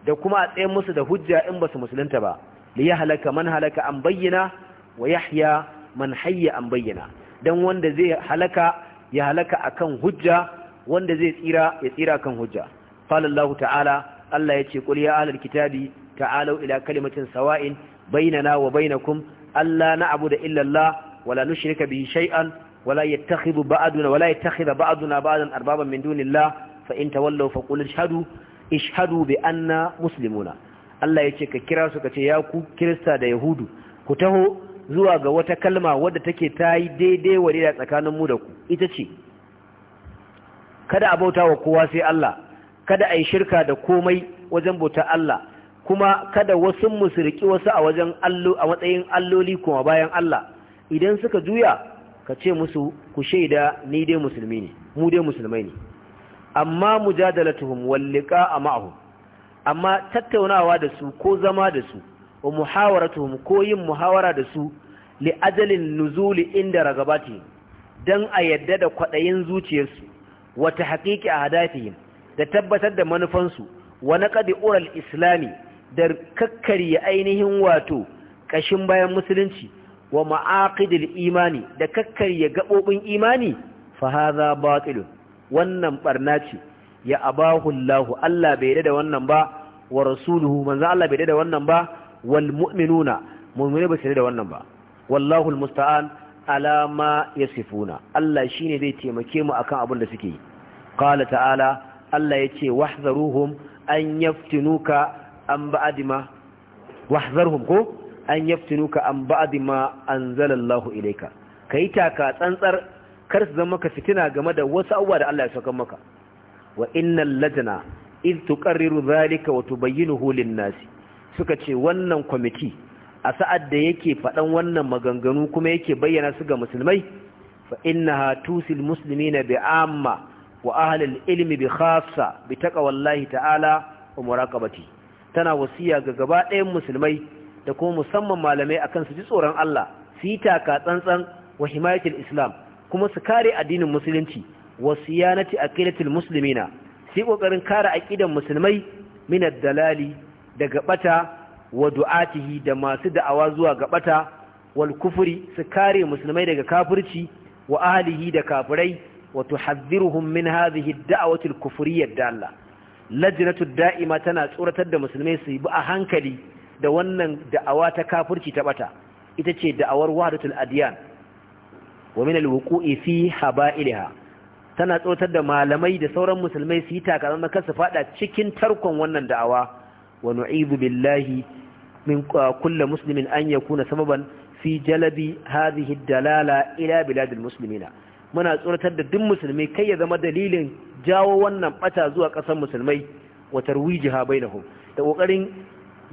da kuma a tsayin musu da hujja in ba su musulunta ba li yahlaka man halaka an bayyana wa yahya man hayya an bayyana dan wanda zai halaka ya halaka akan hujja wanda zai tsira ya tsira kan hujja qala Allah ta'ala Allah yace qul ya ahlal kitabi ta'alu ila kalimatin sawa'in bainana wa bainakum alla Allah wa la nushrika bihi shay'an wa la yattakhidhu ba'duna wa arbaban min dunillah fa in tawallaw fa qul Allah yace ka kira su ka ce ya ku kirista da yahudu ku taho zuwa ga wata kalma wadda take tayi daidai wari da tsakanin mu da ku ita ce kada a bauta wa kowa sai Allah kada a yi shirka da komai wajen bauta Allah kuma kada wasu musulki wasu a wajen allo a matsayin alloli kuma bayan Allah idan suka juya ka ce musu ku shaida ni dai musulmi ne mu dai musulmai ne amma mujadalatuhum wal liqa'a ma'ahum amma tattaunawa da su ko zama da su wa muhawaratuhum ko yin muhawara da su li ajalin nuzuli inda ragabati dan a yadda da kwadayin zuciyarsu wata haqiqi a da tabbatar da manufansu wa naqdi ural islami da kakkarya ainihin wato ƙashin bayan musulunci wa ma'aqidil imani da kakkarya gaɓoɓin imani fa hadha wannan barna ce ya abahu Allah bai yarda da wannan ba wa rasuluhu manzo Allah bai da wannan ba wal mu'minuna mu'mini ba su da wannan ba wallahu musta'an alama ya sifuna Allah shi ne zai taimake mu akan abin da suke yi ƙala ta'ala Allah ya ce wahzaruhum an yaftinuka an ba'adima wahzarhum ko an yaftinuka an ba'adima anzalallahu ilayka kai taka tsantsar kar su zama ka fitina game da wasu abubuwa da Allah ya saukar maka wa innal lajna id tuqarriru zalika wa tubayyinuhu lin suka ce wannan kwamiti a sa'ad da yake faɗan wannan maganganu kuma yake bayyana su ga musulmai fa innaha tusil muslimina bi'amma wa ahlul ilmi bi khassa bi taqwallahi ta'ala wa muraqabati tana wasi'a ga gaba musulmai da kuma musamman malamai akan su ji tsoron Allah su yi taka tsantsan wa himayatul islam kuma su kare addinin musulunci wa siyanati aqidatul muslimina su kokarin kare aqidan musulmai min dalali daga bata wa du'atihi da masu da'awa zuwa ga bata wal kufuri su kare musulmai daga kafirci wa ahlihi da kafirai wa tuhadhdhiruhum min hadhihi ad-da'wati al-kufriyyah dalla lajnatu da'ima tana tsoratar da musulmai su yi a hankali da wannan da'awa ta kafirci ta bata ita ce da'awar wahdatul adiyan, wa min al-wuqu'i fi tana tsoratar da malamai da sauran musulmai su yi takarar na kansu fada cikin tarkon wannan da'awa wa nu'ibu billahi min kulli muslimin an yakuna sababan fi jalabi hadhihi ad-dalala ila biladil muslimina muna tsoratar da duk musulmi kai ya zama dalilin jawo wannan bata zuwa ƙasar musulmai wa tarwijiha bainahum da ƙoƙarin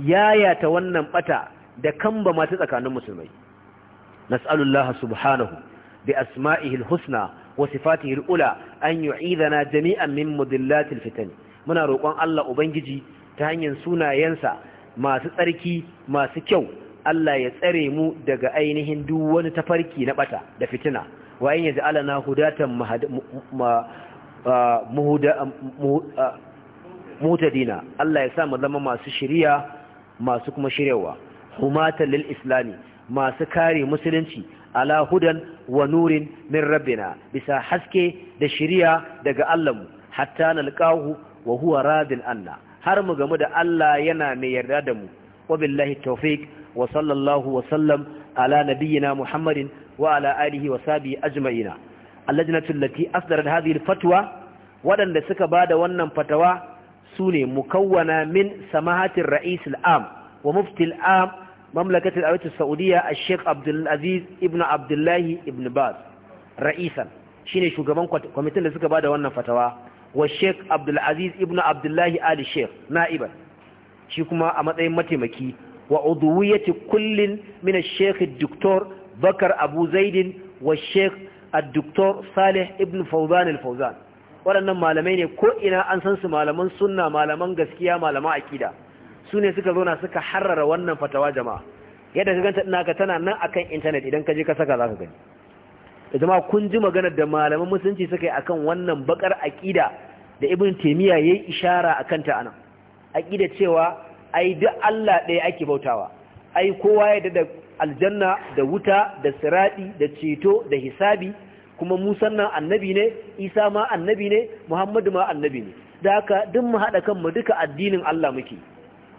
yayata wannan bata da kamba mata tsakanin musulmai nas'alullah subhanahu bi asma'ihi alhusna wa sifatihi alula an yu'idana jami'an min mudillatil fitan muna roƙon Allah ubangiji ta hanyar sunayensa masu tsarki masu kyau Allah ya tsare mu daga ainihin duk wani tafarki na bata da fitina wa in yaj'alana hudatan muhudadina. Allah ya sa mu zama masu shiriya masu kuma shiryawa humata lil islami masu kare musulunci ala hudan wa nurin min rabbina bisa haske da shiriya daga mu hatta nalqahu wa huwa radin anna har mu gamu da Allah yana mai yarda da mu wa billahi tawfik wa sallallahu wa sallam ala nabiyyina muhammadin وعلى آله وصحبه أجمعين اللجنة التي أصدرت هذه الفتوى ودن لسك بعد ونن فتوى سوني مكونة من سماحة الرئيس العام ومفتي العام مملكة العربية السعودية الشيخ عبد العزيز ابن عبد الله ابن باز رئيسا شيني شوغبان كوميتين لسك بعد ونن فتوى والشيخ عبد العزيز ابن عبد الله آل الشيخ نائبا شيكما أمتين متمكي وعضوية كل من الشيخ الدكتور bakar abu zaidin wa salih ibn fauzan al-fauzan waɗannan malamai ne ko ina an san su malaman sunna malaman gaskiya malaman akida su ne suka zauna suka harrara wannan fatawa jama'a yadda ka ganta ina ka tana nan akan intanet idan ka je ka saka zaka gani jama'a kun ji maganar da malaman musulunci suka yi akan wannan bakar akida da ibn taymiya yayi ishara akan ta anan akida cewa ai duk Allah ɗaya ake bautawa ai kowa ya da aljanna da wuta da siradi da ceto da hisabi kuma musan nan annabi ne isa ma annabi ne muhammadu ma annabi ne da haka duk mu haɗa kanmu duka addinin allah muke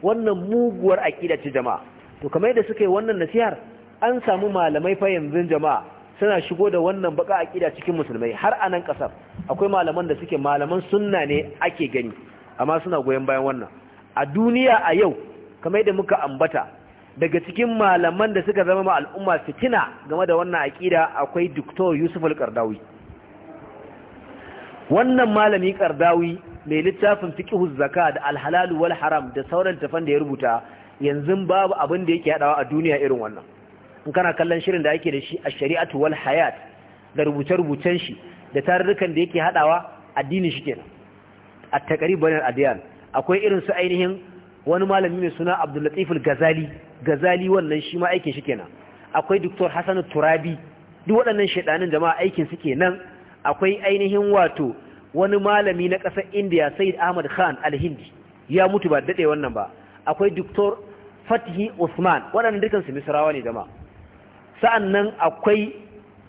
wannan muguwar aƙida ce jama'a to kamar yadda suka yi wannan nasihar an samu malamai fa yanzu jama'a suna shigo da wannan baka aƙida cikin musulmai har a nan ƙasar akwai malaman da suke malaman sunna ne ake gani amma suna goyon bayan wannan a duniya a yau kamar yadda muka ambata daga cikin malaman da suka zama al'umma fitina game da wannan aƙida akwai Dr. Yusuf al-Qardawi wannan malami Qardawi mai littafin fiqhuz zakat da al-halal wal haram da sauran tafan da ya rubuta yanzu babu abin da yake hadawa a duniya irin wannan in kana kallon shirin da yake da shi a shari'atu wal hayat da rubuce-rubucen shi da tarurrukan da yake hadawa addinin shi kenan at taqribun al adyan akwai irin su ainihin wani malami mai suna Abdul Latif al-Ghazali gazali wannan shi ma aikin shi kenan akwai Dr. Hassan Turabi duk waɗannan shaidanin jama'a aikin su kenan akwai ainihin wato wani malami na ƙasar India Said Ahmad Khan Al-Hindi ya mutu ba daɗe wannan ba akwai Dr. Fathi Usman waɗannan dukan su Misrawa ne jama'a sa'annan akwai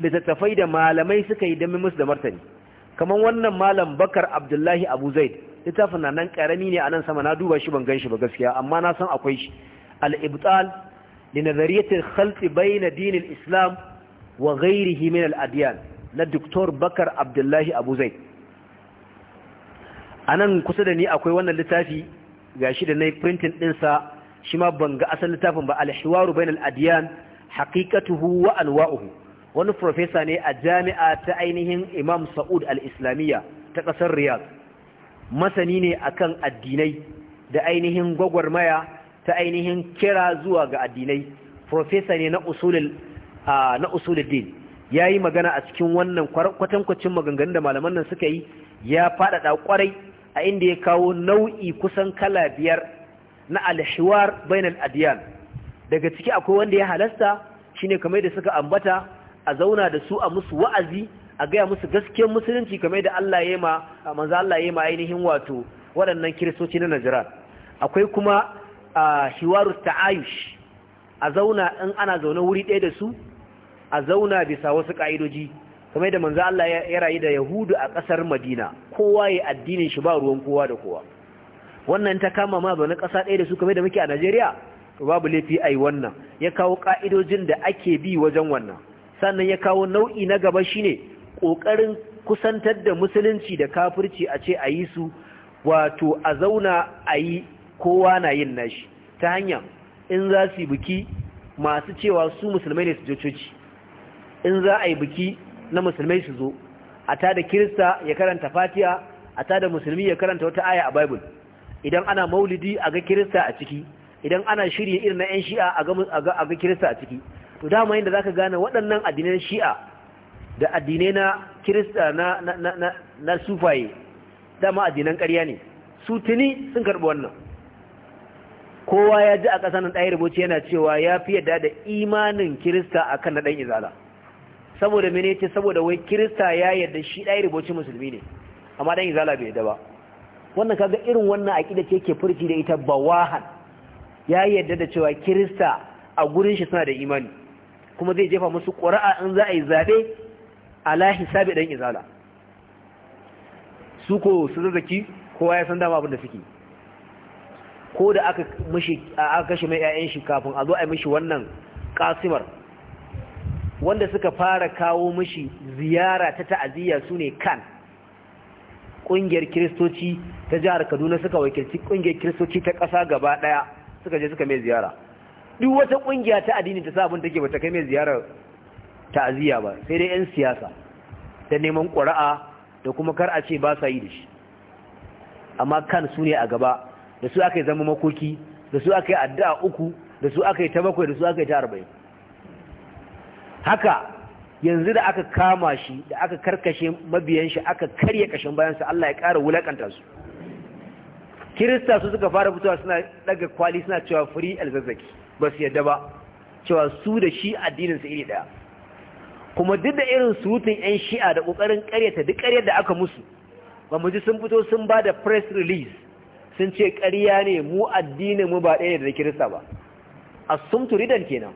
littattafai da malamai suka yi don musu da martani kamar wannan malam Bakar Abdullahi Abu Zaid littafin nan karami ne a nan sama na duba shi ban gan shi ba gaskiya amma na san akwai shi al-ibtal li nazariyatil khalt bayna din islam wa gairi min adyan na Dr. Bakar Abdullahi Abu a anan kusa da ni akwai wannan littafi gashi da na printing din sa shi ma ban ga asalin littafin ba al-hiwaru na al-adyan haqiqatuhu wa anwa'uhu wani professor ne a jami'a ta ainihin Imam Saud al-Islamiyya ta kasar Riyadh masani ne akan addinai da ainihin gwagwarmaya ta ainihin kira zuwa ga addinai profesa ne na usulul na usuluddin yayi magana a cikin wannan kwatankwacin maganganun da malaman nan suka yi ya faɗaɗa kwarai a inda ya kawo nau'i kusan kala biyar na alhiwar bainal adiyan daga ciki akwai wanda ya halasta shine kamar da suka ambata a zauna da su a musu wa'azi a gaya musu gaskiyar musulunci kamar da Allah ya ma manzo Allah ya ma ainihin wato waɗannan kiristoci na najira akwai kuma hiwaru ta'ayush a zauna in ana zaune wuri ɗaya da su a zauna bisa wasu ƙa'idoji kuma yadda manzo Allah ya rayu da Yahudu a ƙasar Madina kowa ya addinin shi ba ruwan kowa da kowa wannan ta kama ma zaune ƙasa ɗaya da su kuma yadda muke a Najeriya babu laifi yi wannan ya kawo ƙa'idojin da ake bi wajen wannan sannan ya kawo nau'i na gaba shine ƙoƙarin kusantar da musulunci da kafirci a ce a yi su wato a zauna a yi kowa na yin nashi ta hanya in za su yi biki masu cewa su musulmai ne su je coci in za a yi biki na musulmai su zo a ta da kirista ya karanta Fatiya a ta da musulmi ya karanta wata aya a bible idan ana maulidi a ga kirista a ciki idan ana shirya irin na 'yan shi'a a ga kirista a ciki to dama yadda za ka gane waɗannan addinan shi'a da addinai na kirista na sufaye dama addinan ƙarya ne su tuni sun karɓi wannan kowa ya ji a ƙasar nan ɗaya rubuci yana cewa ya fi yadda da imanin kirista a kan na ɗan izala saboda mene ce saboda wai kirista ya yadda shi ɗaya rubuci musulmi ne amma ɗan izala bai yadda ba wannan kaga irin wannan aƙida ce ke furci da ita bawahan ya yadda da cewa kirista a gurin shi suna da imani kuma zai jefa musu ƙura'a in za a yi zaɓe a lahi hisabi ɗan izala su ko su zazzaki kowa ya san dama abin da suke ko da aka mishi a kashe mai ƴaƴan shi kafin a zo a mishi wannan kasimar wanda suka fara kawo mishi ziyara ta ta'aziyya sune kan kungiyar kristoci ta jihar Kaduna suka wakilci kungiyar kristoci ta ƙasa gaba daya suka je suka mai ziyara duk wata ƙungiya ta addini ta sabon take bata kai mai ziyarar ta'aziyya ba sai dai yan siyasa da neman ƙuri'a da kuma kar a ce ba sa yi da shi amma kan sune a gaba da su aka yi zama makoki da su aka yi addu'a uku da su aka yi ta bakwai da su aka yi ta arba'in haka yanzu da aka kama shi da aka karkashe mabiyan shi aka karya kashin bayansa Allah ya ƙara wulakanta su kirista su suka fara fitowa suna daga kwali suna cewa firi, alzazzaki ba su yadda ba cewa su da shi addinin sa iri ɗaya kuma duk da irin surutun 'yan shi'a da ƙoƙarin ƙaryata duk ƙaryar da aka musu ba mu ji sun fito sun ba da press release sun ce ƙariya ne mu addinin mu ba ɗaya da kirista ba A asumtu dan kenan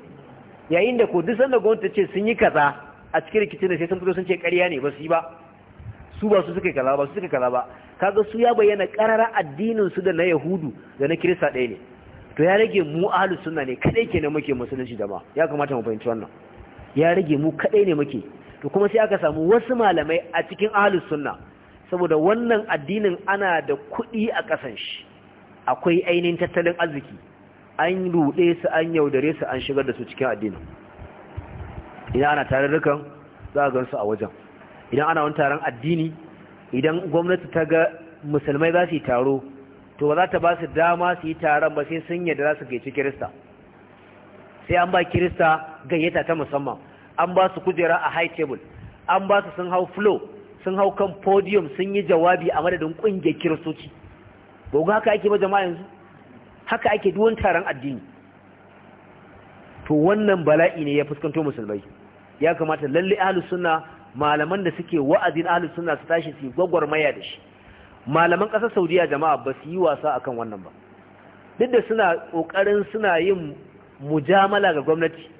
yayin da ko duk sanda gwamnati ce sun yi kaza a cikin rikicin da sai sun fito sun ce ƙariya ne ba su yi ba su ba su suka kaza ba su suka kaza ba kaga su ya bayyana ƙarara addinin su da na yahudu da na kirista ɗaya ne to ya rage mu ahlus sunna ne kadai kenan muke musulunci da ma ya kamata mu fahimci wannan ya rage mu kadai ne muke to kuma sai aka samu wasu malamai a cikin ahlus sunna saboda wannan addinin ana da kuɗi a ƙasan shi akwai ainihin tattalin arziki an ruɗe su an yaudare su an shigar da su cikin addinin idan ana tarurrukan za a gansu a wajen idan ana wani taron addini idan gwamnati ta ga musulmai za su yi taro to ba za ta ba su dama su yi taron ba sai sun yadda za su gaici kirista sai an ba kirista gayyata ta musamman an ba su kujera a high table an ba su sun hau flow sun hau kan podium sun yi jawabi a madadin ƙungiyar kiristoci ba haka ake ba jama'a yanzu haka ake duwan taron addini to wannan bala'i ne ya fuskanto musulmai ya kamata lalle ahlus sunna malaman da suke wa'azin ahlus sunna su tashi su gwagwarmaya da shi malaman ƙasar saudiya jama'a ba su yi wasa akan wannan ba duk da suna ƙoƙarin suna yin mujamala ga gwamnati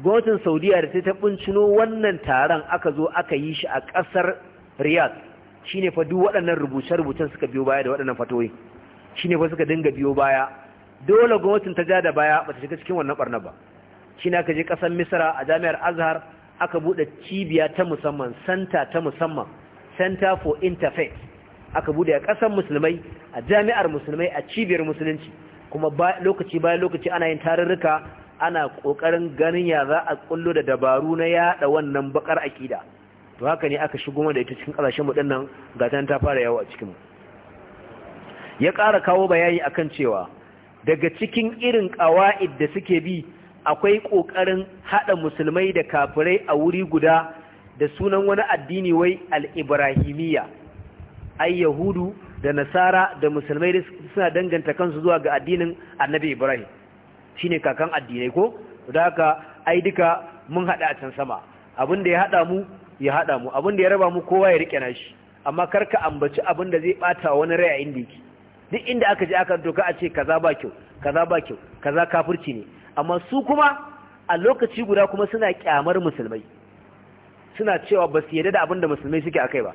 gwamnatin saudiya da sai ta bincino wannan taron aka zo aka yi shi a ƙasar riyadh shine fa duk waɗannan rubuce-rubucen suka biyo baya da waɗannan fatoyi shine fa suka dinga biyo baya dole gwamnatin ta ja da baya ba ta shiga cikin wannan barna ba shine aka je ƙasar misra a jami'ar azhar aka buɗe cibiya ta musamman santa ta musamman santa for interfaith aka buɗe a ƙasar musulmai a jami'ar musulmai a cibiyar musulunci kuma lokaci bayan lokaci ana yin tarurruka ana ƙoƙarin ganin ya za a kullo da dabaru na yaɗa wannan bakar ƙida, to haka ne aka shigo da ita cikin ƙasashen mu dinnan gatan ta fara yawo a cikin mu ya ƙara kawo bayani akan cewa daga cikin irin ƙawa'id da suke bi akwai ƙoƙarin haɗa musulmai da kafirai a wuri guda da sunan wani addini wai al-ibrahimiyya ai yahudu da nasara da musulmai suna danganta kansu zuwa ga addinin annabi ibrahim shine kakan addinai ko da haka ai duka mun hada a can sama abin da ya hada mu ya hada mu abin da ya raba mu kowa ya rike nashi amma karka ambaci abin da zai bata wani rai a inda yake duk inda aka je aka doka a ce kaza ba kyau kaza ba kyau kaza kafirci ne amma su kuma a lokaci guda kuma suna kyamar musulmai suna cewa ba su yarda da abin da musulmai suke akai ba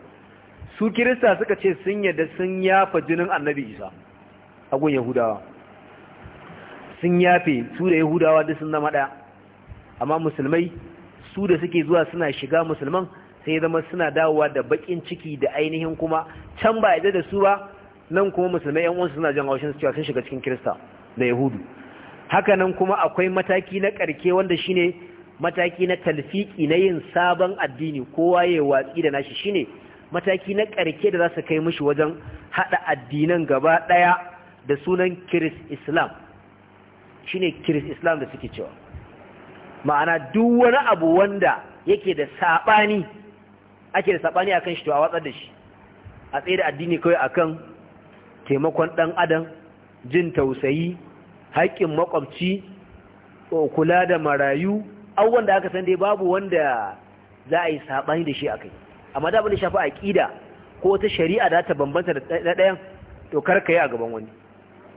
su kirista suka ce sun yarda sun yafa jinin annabi isa a gun yahudawa sun yafe su da yahudawa duk sun zama ɗaya amma musulmai su da suke zuwa suna shiga musulman sai zama suna dawowa da bakin ciki da ainihin kuma can ba a da su ba nan kuma musulmai yan uwansu suna jan haushin cewa sun shiga cikin kirista da yahudu haka nan kuma akwai mataki na karke wanda shine mataki na talfiki na yin sabon addini kowa ya watsi da nashi shine mataki na karke da za su kai mishi wajen haɗa addinan gaba ɗaya da sunan kiris islam shine kiris islam da suke cewa ma'ana duk wani abu wanda yake da sabani ake da sabani akan shi to a watsar da shi a tsaye da addini kawai akan taimakon dan adam jin tausayi haƙƙin makwabci kula da marayu au da aka san dai babu wanda za a yi sabani da shi akai amma da abin shafi aqida ko ta shari'a da ta bambanta da ɗayan to karka yi a gaban wani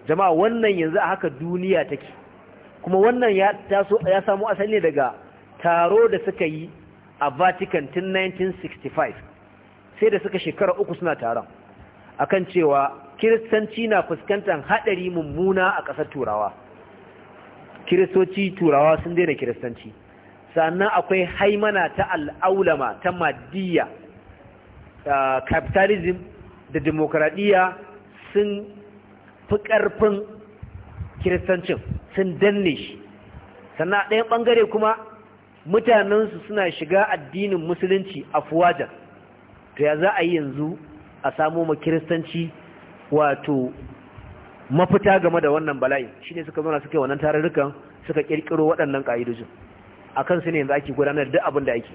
jama'a wannan yanzu a haka duniya take kuma wannan ya taso ya samu asali daga taro da suka yi a Vatican tun 1965 sai da suka shekara uku suna taron akan cewa kiristanci na fuskantar hadari mummuna a ƙasar turawa kiristoci turawa sun daina kiristanci sannan akwai haimana ta al'aulama ta madiyya capitalism da demokradiyya sun fi ƙarfin kiristancin sun danne shi sannan ɗayan ɓangare kuma mutanensu suna shiga addinin musulunci a fuwaja to ya za a yi yanzu a samo ma kiristanci wato mafita game da wannan bala'i shi ne suka zauna suke wannan tarurrukan suka kirkiro waɗannan ƙa'idojin a su ne yanzu ake gudanar da abin da ake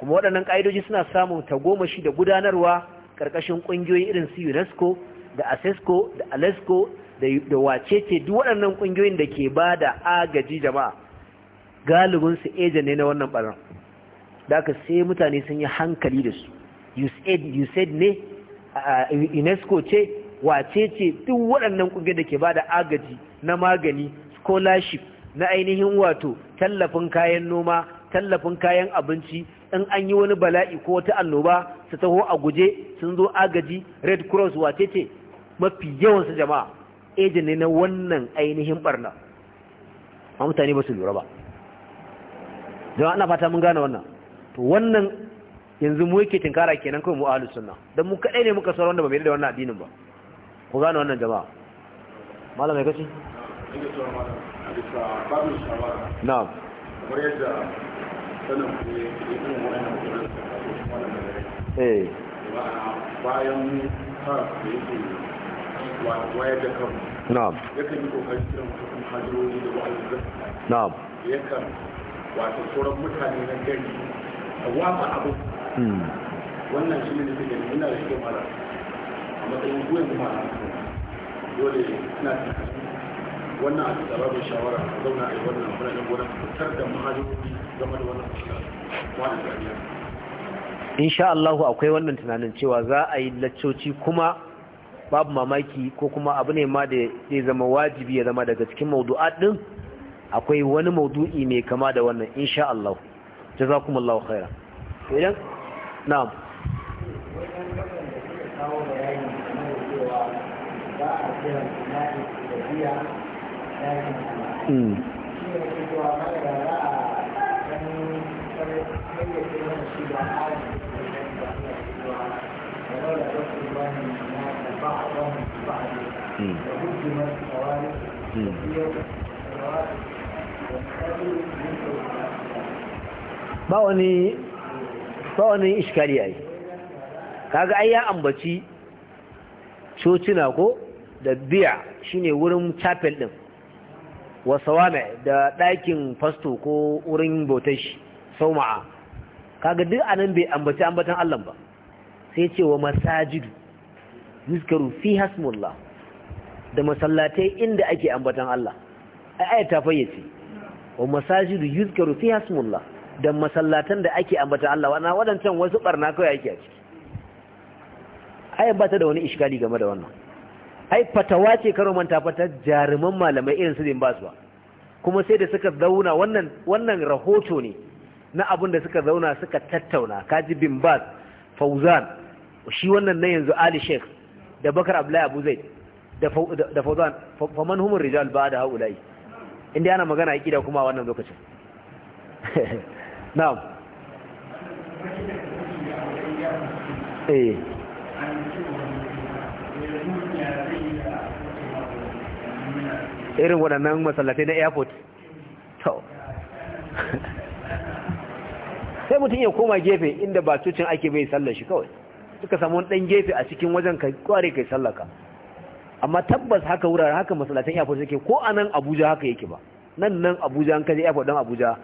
kuma waɗannan ƙa'idoji suna samun tagomashi da gudanarwa ƙarƙashin ƙungiyoyi irin su unesco da asesco da alesco da wace ce duk waɗannan ƙungiyoyin da ke ba da agaji jama'a galibinsu ejen ne na wannan ɓarar da aka sai mutane sun yi hankali da su usaid ne unesco ce wace ce duk waɗannan ƙungiyoyin da ke ba da agaji na magani scholarship na ainihin wato tallafin kayan noma tallafin kayan abinci in an yi wani bala'i ko wata annoba su taho a guje sun zo agaji red cross wace ce mafi yawansu jama'a ejini ne na wannan ainihin barna a mutane ba su lura ba don ana fata mun gane wannan to wannan yanzu mu yake tinkara kenan kawai mu ahlus sunna dan mu kadai ne muka sauran wanda ba bai da wannan addinin ba ku gane wannan jama'a malam mai kace na'am kamar yadda sanin ku irin wannan eh bayan fara da yake wayar da na'am yi kokarin kiran mutum hajjoji da wa'azin na'am wato sauran mutane na gari a abu hmm. wannan shi ne nufin gani da shi mara a matsayin goyon dole ina wannan a tsara da shawara a zauna a yi wannan gona fitar da mahajjoji da wannan wani tsariya insha akwai wannan tunanin cewa za a yi laccoci kuma babu mamaki ko kuma abu ne ma da ya zama wajibi ya zama daga cikin maudu'at din akwai wani maudu'i mai kama da wannan insha Allah jazakumullahu khaira idan na'am hmm. ba wani ba yi. iskari ai kaga ai ya ambaci cocina ko da biya shine wurin chapel din wasawame da ɗakin fasto ko wurin bautar shi sauma'a kaga duk anan bai ambaci ambatan Allah ba sai ce wa masajidu yuzkaru fi hasmullah da masallatai inda ake ambatan Allah ai ayata fayyace wa masajidu yuzkaru fi hasmullah da masallatan da ake ambatan Allah wana wadancan wasu barna kai yake a ciki Ai ba ta da wani iskali game da wannan ai fatawa ce karo manta fata jaruman malamai irin su din ba su kuma sai da suka zauna wannan wannan rahoto ne na abin da suka zauna suka tattauna kaji bin bas fauzan shi wannan na yanzu ali sheikh da bakar abdullahi abu zaid da fauzan faman humun rijal ba da haulayi inda yana magana akida kuma wannan lokacin na'am eh irin waɗannan masallatai na airport to sai mutum ya koma gefe inda ba tucin ake bai sallar shi kawai suka samu ɗan gefe a cikin wajen ka kware kai sallaka amma tabbas haka wuraren haka masalatan airport suke ko a nan abuja haka yake ba nan nan abuja an kaje airport don abuja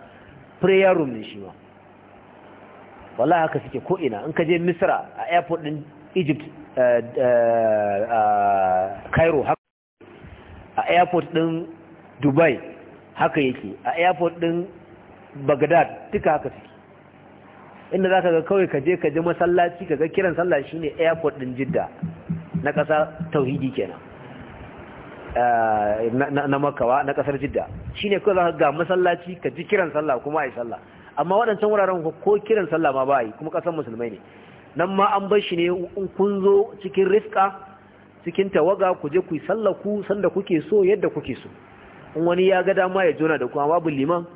prayer room ne shi ma wallahi haka suke ko ina in kaje misra a airport din egypt eh, eh, cairo haka a airport din dubai haka yake a airport din baghdad duka haka suke inda za ka ga kawai ka je ka ji masallaci ka ga kiran sallah shine airport din jidda na ƙasa tauhidi kenan eh, na makawa na ƙasar jidda shine kawai za ka ga masallaci ka ji kiran sallah kuma a sallah amma waɗancan wuraren ko kiran sallah ma ba a yi kuma ƙasar musulmai ne nan ma an bar shi ne in kun zo cikin rifka cikin tawaga ku je ku yi sallaku sanda kuke so yadda kuke so in wani ya ga dama ya jona da kuma babu liman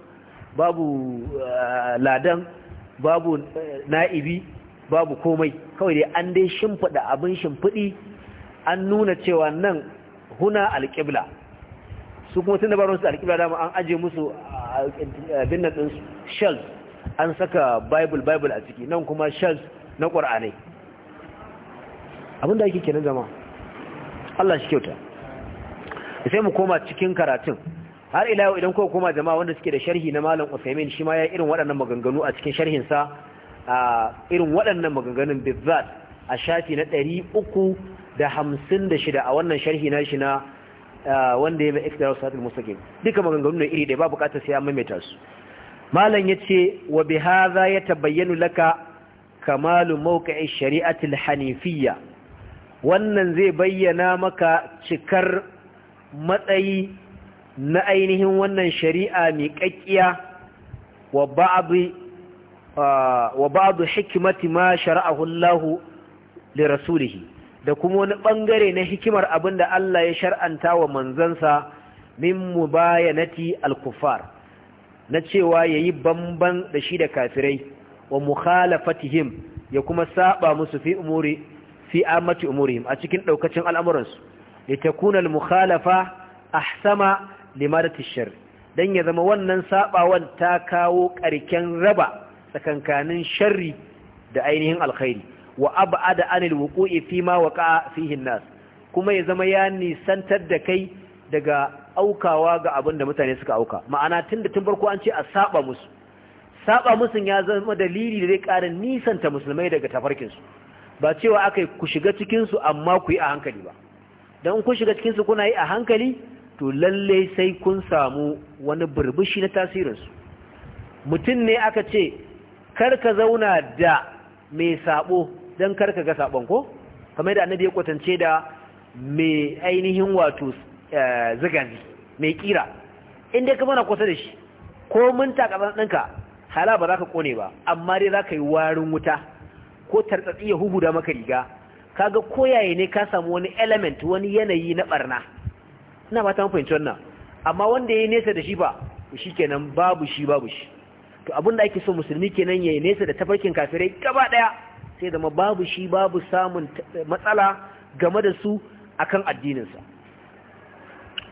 babu eh, ladan babu eh, na'ibi babu komai kawai dai an dai shimfiɗa abin shimfiɗi an nuna cewa nan huna alƙibla su kuma tun da su alƙibla dama an aje musu ah, abin nan ɗinsu shells an saka bible bible a ciki nan kuma shells na ƙwar'anai abinda da ake kenan zama Allah shi kyauta sai mu koma cikin karatun har ila yau idan ko kuma jama'a wanda suke da sharhi na malam Usaimin shi ma ya irin waɗannan maganganu a cikin sharhin sa a irin waɗannan maganganun bizzat a shafi na 356 a wannan sharhi na shi na wanda ya mai ikhtirar mustaqim duka maganganun ne iri da ba bukatar sai an maimaita su malam yace wa bi hadha yatabayyanu laka kamalu mawqi'i shari'ati al-hanifiyya wannan zai bayyana maka cikar matsayi na ainihin wannan shari'a mai wa ba'adu hikimati ma shara'ahu li rasulihi da kuma wani ɓangare na hikimar abin da Allah ya shar'anta wa manzansa min mubayanati al-kuffar na cewa yayi bamban da shi da kafirai wa mukhalafatihim ya kuma saba musu fi umuri fi amati umurihim a cikin ɗaukacin al'amuransu litakuna al-mukhalafa ahsama limadatu shar don ya zama wannan sabawan ta kawo ƙarken raba tsakankanin sharri da ainihin alkhairi wa ab'ada anil wuqu'i fima waqa'a fihi nas kuma ya zama ya nisantar da kai daga aukawa ga abin da mutane suka auka ma'ana tun da tun farko an ce a saba musu saba musu ya zama dalili da zai ƙara nisanta musulmai daga tafarkinsu ba cewa aka ku shiga cikinsu amma ku yi a hankali ba don ku shiga cikinsu kuna yi a hankali to lalle sai kun samu wani burbushi na tasirinsu mutum ne aka ce kar ka zauna da mai sabo don karka ga sabon ko kamar da annabi ya kwatance da mai ainihin wato eh, zigazi mai kira inda ka mana kwata da shi ko mun takasan ɗinka hala ba za ka kone ba amma dai za ka yi warin wuta ko tartsatsi ya huhu da maka riga kaga koyaye ne ka samu wani element wani yanayi na barna ina ba ta mafahimci wannan amma wanda ya yi nesa da shi ba shi kenan babu shi babu shi to abin da ake so musulmi kenan ya yi nesa da tafarkin kafirai gaba daya sai zama babu shi babu samun matsala game da su akan addininsa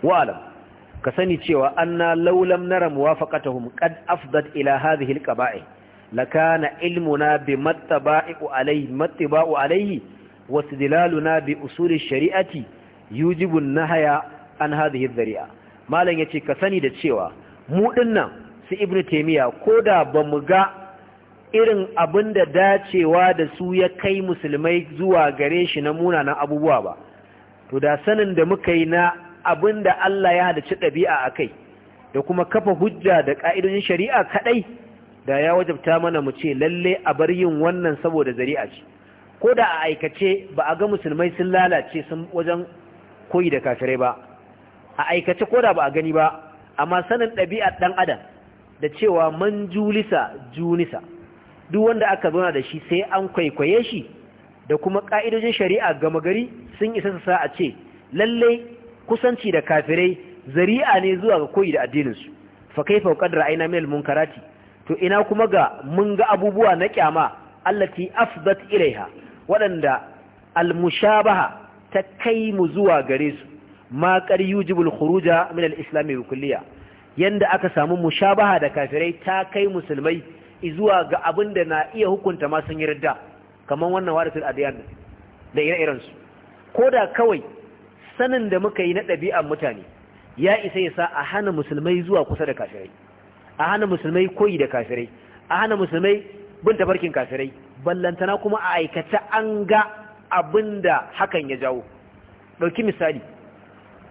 wa'alam ka sani cewa an na laulam nara muwafaqatuhum qad afdat ila hadhihi alqaba'i lakana ilmuna bi mattaba'u alayhi mattaba'u alayhi واستدلالنا shari'ati الشريعة na haya. an hadhihi dhari'a malam yace ka sani da cewa mu dinnan su ibnu taymiya koda bamu ga irin abinda dacewa da su ya kai musulmai zuwa gare shi na munanan abubuwa ba to da sanin da muka yi na abinda Allah ya halicci ɗabi'a a kai da kuma kafa hujja da ka'idojin shari'a kaɗai da ya wajabta mana mu ce lalle a bar yin wannan saboda zari'a ce ko da a aikace ba a ga musulmai sun lalace sun wajen koyi da kafirai ba a aikace ko da ba a gani ba amma sanin ɗabi'ar ɗan adam da cewa man julisa junisa duk wanda aka zauna da shi sai an kwaikwaye shi da kuma ƙa'idojin shari'a gama gari sun isa sa a ce lallai kusanci da kafirai zari'a ne zuwa ga koyi da addininsu fa kai fa qadra aina min munkarati to ina kuma ga mun ga abubuwa na kyama allati afdat ilaiha waɗanda almushabaha ta kai mu zuwa gare su ma qad yujibul khuruja min al-islam bi kulliya yanda aka samu mushabaha da kafirai ta kai musulmai zuwa ga abin da na iya hukunta ma sun yarda kaman wannan warisul adiyan da ire-iren su koda kawai sanin da muka yi na ɗabi'an mutane ya isa ya sa a hana musulmai zuwa kusa da kafirai a hana musulmai koyi da kafirai a hana musulmai bin tafarkin kafirai ballantana kuma a aikata an ga abin da hakan ya jawo ɗauki misali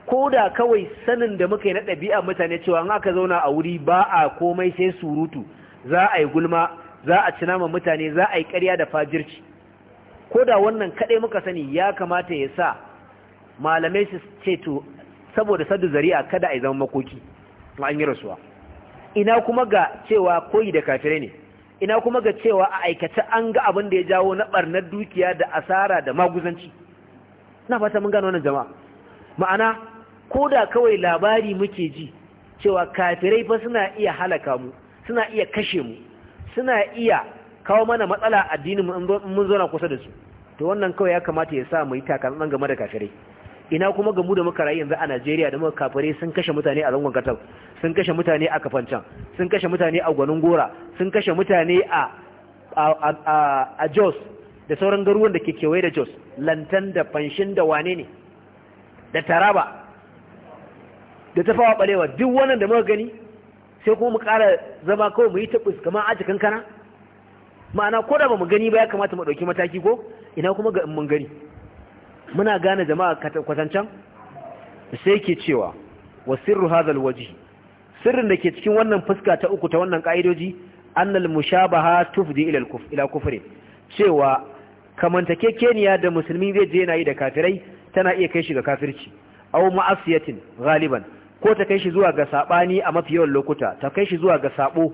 ko da kawai sanin da muka yi na ɗabi'a mutane cewa in aka zauna a wuri ba a komai sai surutu za a yi gulma za a ci naman mutane za a yi ƙarya da fajirci ko da wannan kaɗai muka sani ya kamata ya sa malamai su ce to saboda sadu zari'a kada a yi zama makoki an yi rasuwa ina kuma ga cewa koyi da kafire ne ina kuma ga cewa a aikace an ga abin da ya jawo na ɓarnar dukiya da asara da maguzanci na fata mun gano wannan jama'a ma'ana ko da kawai labari muke ji cewa kafirai fa suna iya halaka mu suna iya kashe mu suna iya kawo mana matsala addinin in mun zo kusa da su to wannan kawai ya kamata ya sa mu yi takalman game da kafirai ina kuma mu da muka rayu yanzu a Najeriya da muka kafirai sun kashe mutane a zangon katab sun kashe mutane a kafancan sun kashe mutane a gwanin gora sun kashe mutane a a a Jos da sauran garuruwan da ke kewaye da Jos lantan da fanshin da wane ne da Taraba da ta fawa balewa duk wannan da muka gani sai kuma mu ƙara zama kawai mu yi taɓus kamar aji kankana ma'ana ko da ba mu gani ba ya kamata mu ɗauki mataki ko ina kuma ga mun gani muna gane jama'a kwatancan sai ke cewa wa sirru hadha alwajhi sirrin da ke cikin wannan fuska ta uku ta wannan ka'idoji annal mushabaha tufdi ila alkuf ila kufri cewa kamantakekeniya da musulmi zai je yana yi da kafirai tana iya kai shi ga kafirci aw ma'asiyatin galiban. ko ta kai shi zuwa ga sabani a mafi yawan lokuta ta kai shi zuwa ga sabo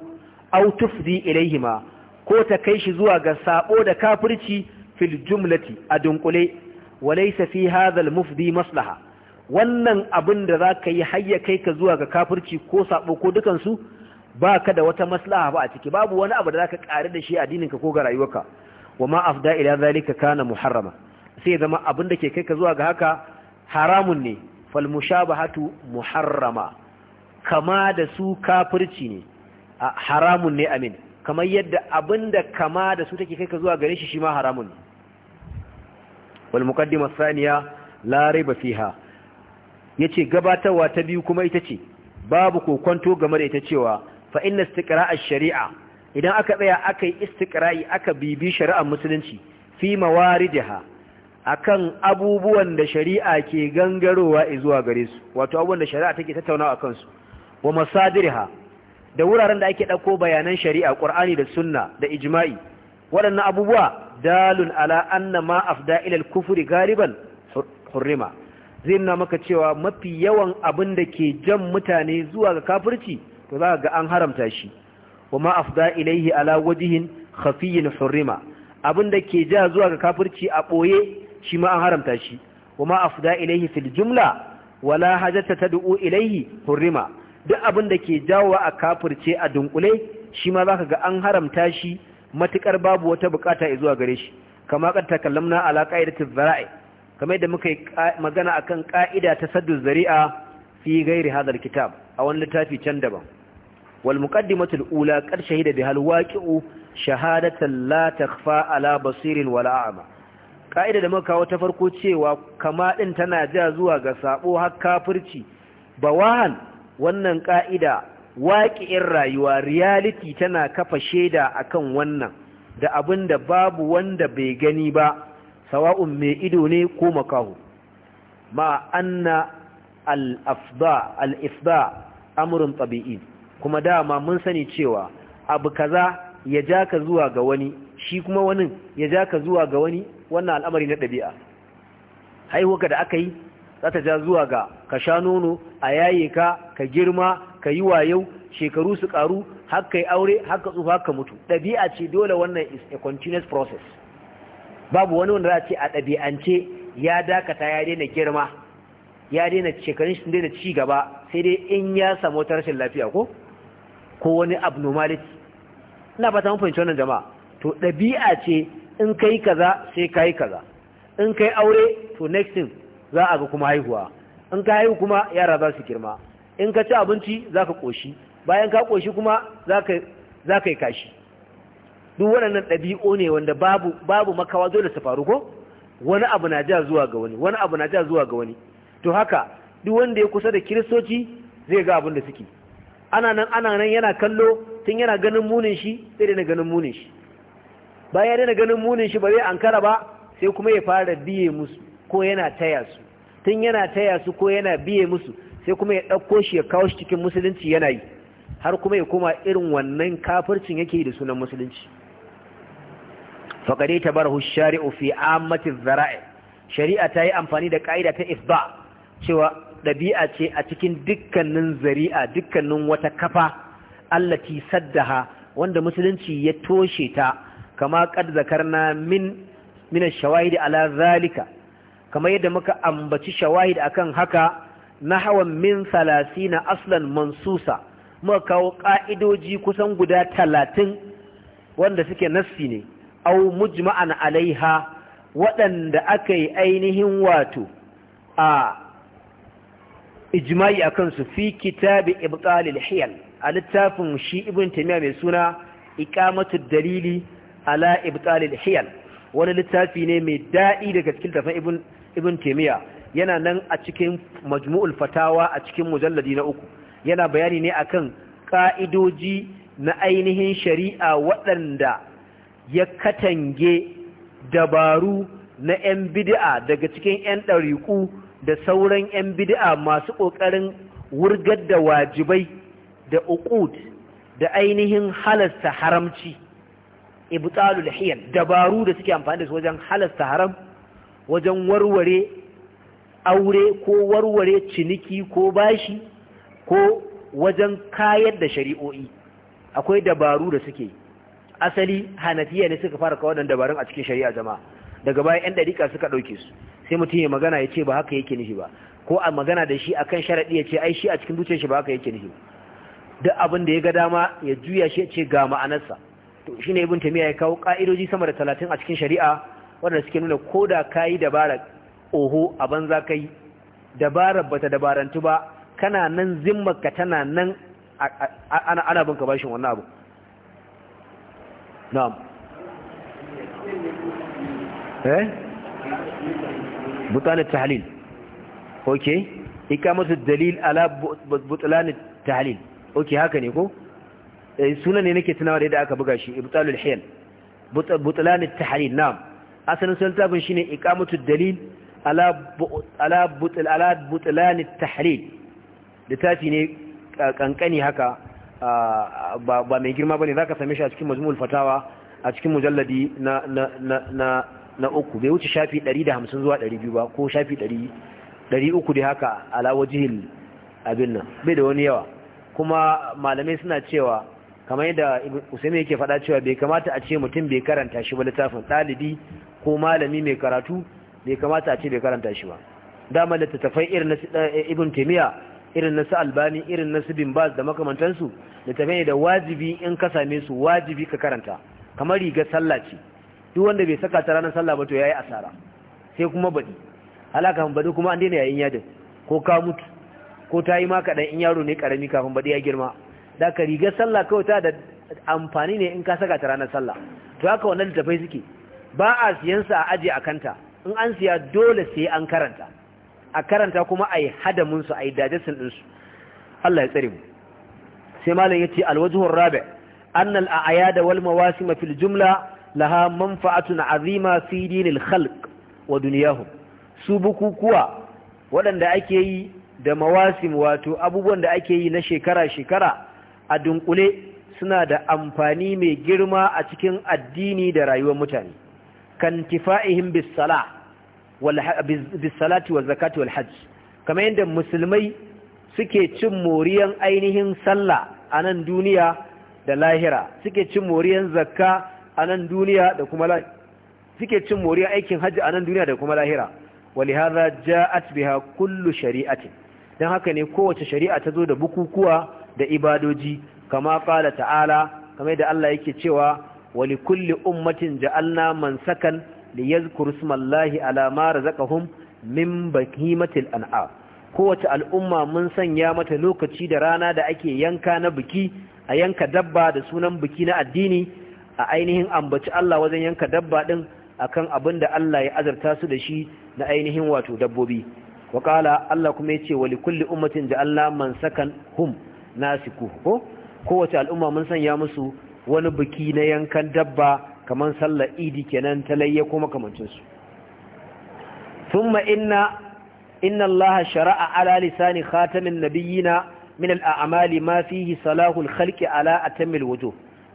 aw tufdi ilaihima ko ta kai shi zuwa ga sabo da kafirci fil jumlati a dunkule walaysa fi hadha al mufdi maslaha wannan abin da zaka yi hayya kai ka zuwa ga kafirci ko sabo ko dukan su baka da wata maslaha ba a ciki babu wani abu da zaka kare da shi a addininka ko ga rayuwarka wama afda ila zalika kana muharrama sai zama abin da ke kai ka zuwa ga haka haramun ne falmushabahatu muharrama kama da su kafirci ne haramun ne amin kamar yadda abinda kama da su take kai ka zuwa gare shi shi ma haramun wal muqaddimah thaniya la raiba fiha yace gabatarwa ta biyu kuma ita ce babu kokonto game da ita cewa fa inna istiqra'a sharia idan aka tsaya aka yi istiqra'i aka bibi shari'ar musulunci fi mawaridaha akan abubuwan da shari'a ke gangarowa zuwa gare su wato abubuwan da shari'a take tattaunawa akan su wa masadirha da wuraren da ake dauko bayanan shari'a qur'ani da sunna da ijma'i waɗannan abubuwa dalun ala anna ma afda ila al-kufri galiban hurrima zai nuna maka cewa mafi yawan abin da ke jan mutane zuwa ga kafirci to za ga an haramta shi wa ma afda ilaihi ala wajihin khafiyyin hurrima abin da ke ja zuwa ga kafirci a ɓoye shi ma an haramta shi wama afda ilaihi fil jumla wala hajata tad'u ilaihi hurrima duk abin da ke jawowa a kafirce a dunkule shi ma zaka ga an haramta shi matukar babu wata bukata zuwa gare shi kama kan takallamna ala qa'idatiz zara'i kama yadda muka yi magana akan ƙa'ida ta saddu zari'a fi ghairi hadal kitab a wani littafi can daban wal muqaddimatul ula qad shahida bihal waqi'u shahadatan la takhfa ala basirin wala a'ma ka'ida da muka kawo ta farko cewa kama ɗin tana ja zuwa ga sabo har kafirci wahan wannan ka'ida waƙi'in rayuwa reality tana kafa shaida akan wannan da abin da babu wanda bai gani ba sawa'un mai ido ne ko makahu ma anna al-afda al-ifda amrun tabi'i kuma dama mun sani cewa abu kaza ya ja ka zuwa ga wani shi kuma wani ya ja ka zuwa ga wani wannan al'amari na ɗabi'a haihuwarka da aka yi za ta ja zuwa ga ka sha nono a yaye ka ka girma ka yi yau, shekaru su ƙaru, har yi aure har ka tsufa ka mutu ɗabi'a ce dole wannan is a continuous process babu wani wanda za ce a ɗabi'ance ya dakata ya daina girma ya daina shekarun shi daina ci gaba sai dai in ya samu wata rashin lafiya ko ko wani abnormality ina ba ta mun wannan jama'a to ɗabi'a ce in kai kaza sai kai kaza in kai aure to next thing za a ga kuma haihuwa in ka haihu kuma yara za su girma in ka ci abinci za ka ƙoshi bayan ka ƙoshi kuma za ka yi kashi duk waɗannan ɗabi'o ne wanda babu babu makawa dole su faru ko wani abu na ja zuwa ga wani wani abu na ja zuwa ga wani to haka duk wanda ya kusa da kiristoci zai ga abin da suke ana nan yana kallo tun yana ganin munin shi sai da ganin munin shi bayan ya daina ganin munin shi ba zai ankara ba sai kuma ya fara biye musu ko yana taya su tun yana taya su ko yana biye musu sai kuma ya ɗauko shi ya kawo shi cikin musulunci yana yi har kuma ya koma irin wannan kafircin yake da sunan musulunci faƙaɗe ta bar shari'u fi ammatin zara'i shari'a ta yi amfani da ƙa'ida ta isba cewa ɗabi'a ce a cikin dukkanin zari'a dukkanin wata kafa allati saddaha wanda musulunci ya toshe ta kama kad zakarna min min ash-shawahid ala zalika kama yadda muka ambaci shawahid akan haka hawan min 30 aslan mansusa muka kawo ka'idoji kusan guda talatin, wanda suke nassi ne au mujma'an alaiha waɗanda aka yi ainihin wato a ijma'i a kansu fi kitabi ibtalil hiyal a littafin shi ibn taymiya mai suna iqamatu dalili ala ibtalil hiyal wani littafi ne mai daɗi daga cikin tafan ibn ibn taymiya yana nan a cikin majmu'ul fatawa a cikin mujalladi na uku yana bayani ne akan ka'idoji na ainihin shari'a waɗanda ya katange dabaru na 'yan bid'a daga cikin 'yan ɗariƙu da sauran 'yan bid'a masu ƙoƙarin wurgar da wajibai da uƙud da ainihin halasta haramci ibtalu lihiyan dabaru da suke amfani da su wajen halasta haram wajen warware aure ko warware ciniki ko bashi ko wajen kayar da shari'o'i akwai dabaru da suke asali hanafiya ne suka fara kawo dabarun a cikin shari'a jama'a daga baya yan dariƙa suka ɗauke su sai mutum ya magana ya ce ba haka yake nufi ba ko a magana da shi akan sharaɗi ya ce ai shi a cikin zuciyar shi ba haka yake nufi ba duk abin da ya ga dama ya juya shi ya ce ga ma'anarsa to ne ibin tamiya ya kawo ƙa’idoji sama da talatin a cikin shari'a wanda suke nuna ko da ka yi dabara oho a banza kai dabara bata dabarantu ba kana nan zimmarka tana nan ana ana bin ka bashin wannan abu na'am eh butan tahlil okay ikamatu dalil ala ta tahlil okay haka ne ko Eh, sunan ne nake tunawa da yadda aka buga shi ibtalul hayl butlan at-tahlil na'am asalin sunan tabin shine iqamatu dalil ala ala butal ala butlan at-tahlil litafi ne kankani haka ba mai girma bane zaka same shi a cikin majmu'ul fatawa a cikin mujalladi na na na na uku bai wuce shafi 150 zuwa 200 ba ko shafi 300 da haka ala wajhil abin nan bai da wani yawa kuma malamai suna cewa kamar yadda usaimi yake faɗa cewa bai kamata a ce mutum bai karanta shi ba littafin ɗalibi ko malami mai karatu bai kamata a ce bai karanta shi ba dama littattafai irin na eh, ibn taimiyya irin na su albani irin na su bin da makamantansu littattafai da wajibi in ka same su wajibi ka karanta kamar riga sallah ce duk wanda bai saka ta ranar sallah ba to yi asara sai kuma baɗi halaka baɗi kuma an daina yayin yadin ko ka mutu ko ta yi ma kaɗan in yaro ne ƙarami kafin baɗi ya girma da ka rigar sallah kawai ta da amfani ne in ka saka ta ranar sallah to haka wannan littafai suke ba a siyan sa a aje a kanta in an siya dole sai an karanta a karanta kuma ai hadamin su ai digestion din su Allah ya tsare mu sai malam yace alwajhu rabi anna al-a'yad wal mawasim fil jumla laha manfa'atun azima fi dinil khalq wa dunyahum su bukukuwa waɗanda ake yi da mawasim wato abubuwan da ake yi na shekara-shekara a dunkule suna da amfani mai girma a cikin addini da rayuwar mutane kan tifa'ihim bisalati wa zakati wal-hajj kamar yadda musulmai suke cin moriyan ainihin sallah a nan duniya da lahira suke cin moriyan zakka a nan duniya da kuma lahira suke cin moriyan aikin hajji a nan duniya da kuma lahira walihaza ja'at biha kullu shari'atin? dan haka ne kowace shari'a ta zo da bukukuwa da ibadoji kama kala ta'ala kama da Allah yake cewa wani kulli ummatin ja'alna mansakan liyadhkuru smallahi ala ma razaqahum min bahimatil an'a kowace al'umma mun sanya mata lokaci da rana da ake yanka na biki a yanka dabba da sunan biki na addini a ainihin ambaci Allah wajen yanka dabba din akan abin da Allah ya azarta su da shi na ainihin wato dabbobi wa Allah kuma ya ce wa likulli ummatin ja'alna mansakan hum nasiku ko kowace al'umma mun sanya musu wani biki na yankan dabba kamar sallar idi kenan ta layya ko makamancin su thumma inna inna allaha shara'a ala lisani khatamin Nabiyyina, min al'amali ma fihi salahul khalqi ala atamil wujuh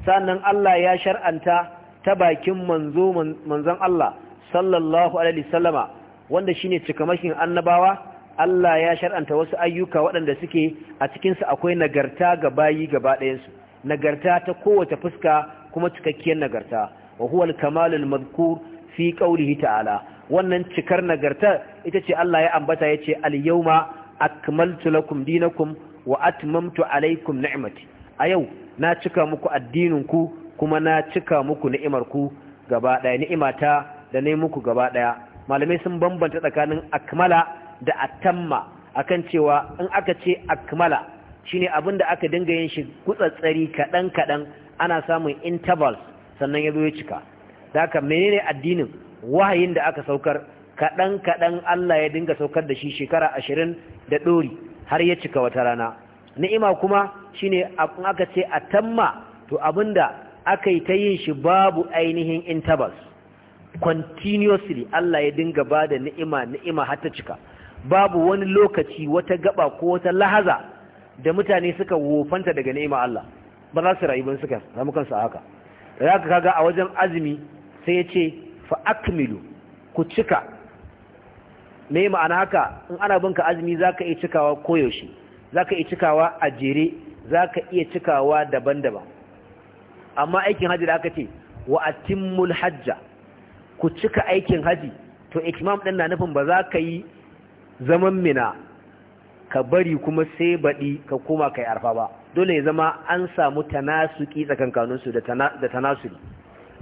sannan Allah ya shar'anta ta bakin manzo manzon Allah sallallahu alaihi wasallama wanda shine cikamakin annabawa Allah ya shar'anta wasu ayyuka waɗanda suke a cikinsu akwai nagarta ga bayi gaba ɗayansu nagarta ta kowace fuska kuma cikakkiyar nagarta wa huwa al-kamalul madhkur fi qawlihi ta'ala wannan cikar nagarta ita ce Allah ya ambata yace al-yawma akmaltu lakum dinakum wa atmamtu alaykum ni'mati a yau na cika muku addininku kuma na cika muku ni'imarku gaba ɗaya ni'imata da ne muku gaba ɗaya malamai sun bambanta tsakanin akmala da atamma akan cewa in aka ce akmala shine abin da aka dinga yin shi gutsatsari kaɗan kaɗan ana samun intervals sannan ya zo ya cika da haka menene addinin wahayin da aka saukar kaɗan kaɗan Allah ya dinga saukar da shi shekara ashirin da ɗori har ya cika wata rana ni'ima kuma shine in aka ce atamma to abinda aka yi ta yin shi babu ainihin intervals continuously Allah ya dinga bada ni'ima ni'ima har ta cika babu wani lokaci wata gaba ko wata lahaza da mutane suka wofanta daga ni'ima Allah ba za su rayu ba suka samu kansu a haka da kaga a wajen azumi sai ya ce fa akmilu ku cika me ma'ana haka in ana binka azumi zaka iya cikawa koyaushe zaka iya cikawa a jere ka iya cikawa daban-daban amma aikin haji da aka ce wa atimmul hajja ku cika aikin haji to ikmam din na nufin ba za ka yi zaman mina ka bari kuma sai baɗi ka koma ka yi arfa ba dole ya zama an samu tanasuki tsakankaninsu da tanasuri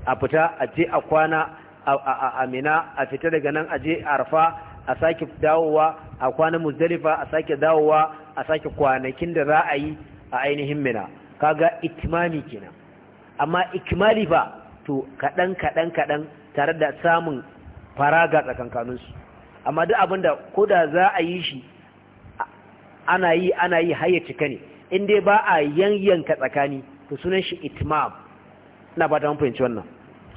a fita a je a kwana a mina a fita daga nan a je arfa a sake dawowa a kwana muzdalifa a sake dawowa a sake kwanakin da za a yi a ainihin mina kaga itimami kenan amma ikimali ba to kaɗan kaɗan kaɗan tare da samun faraga tsakankaninsu amma duk abin da ko da za a yi shi ana yi ana yi har ya cika ne in dai ba a yanyanka tsakani to sunan shi itmam ina ba ta mafi wannan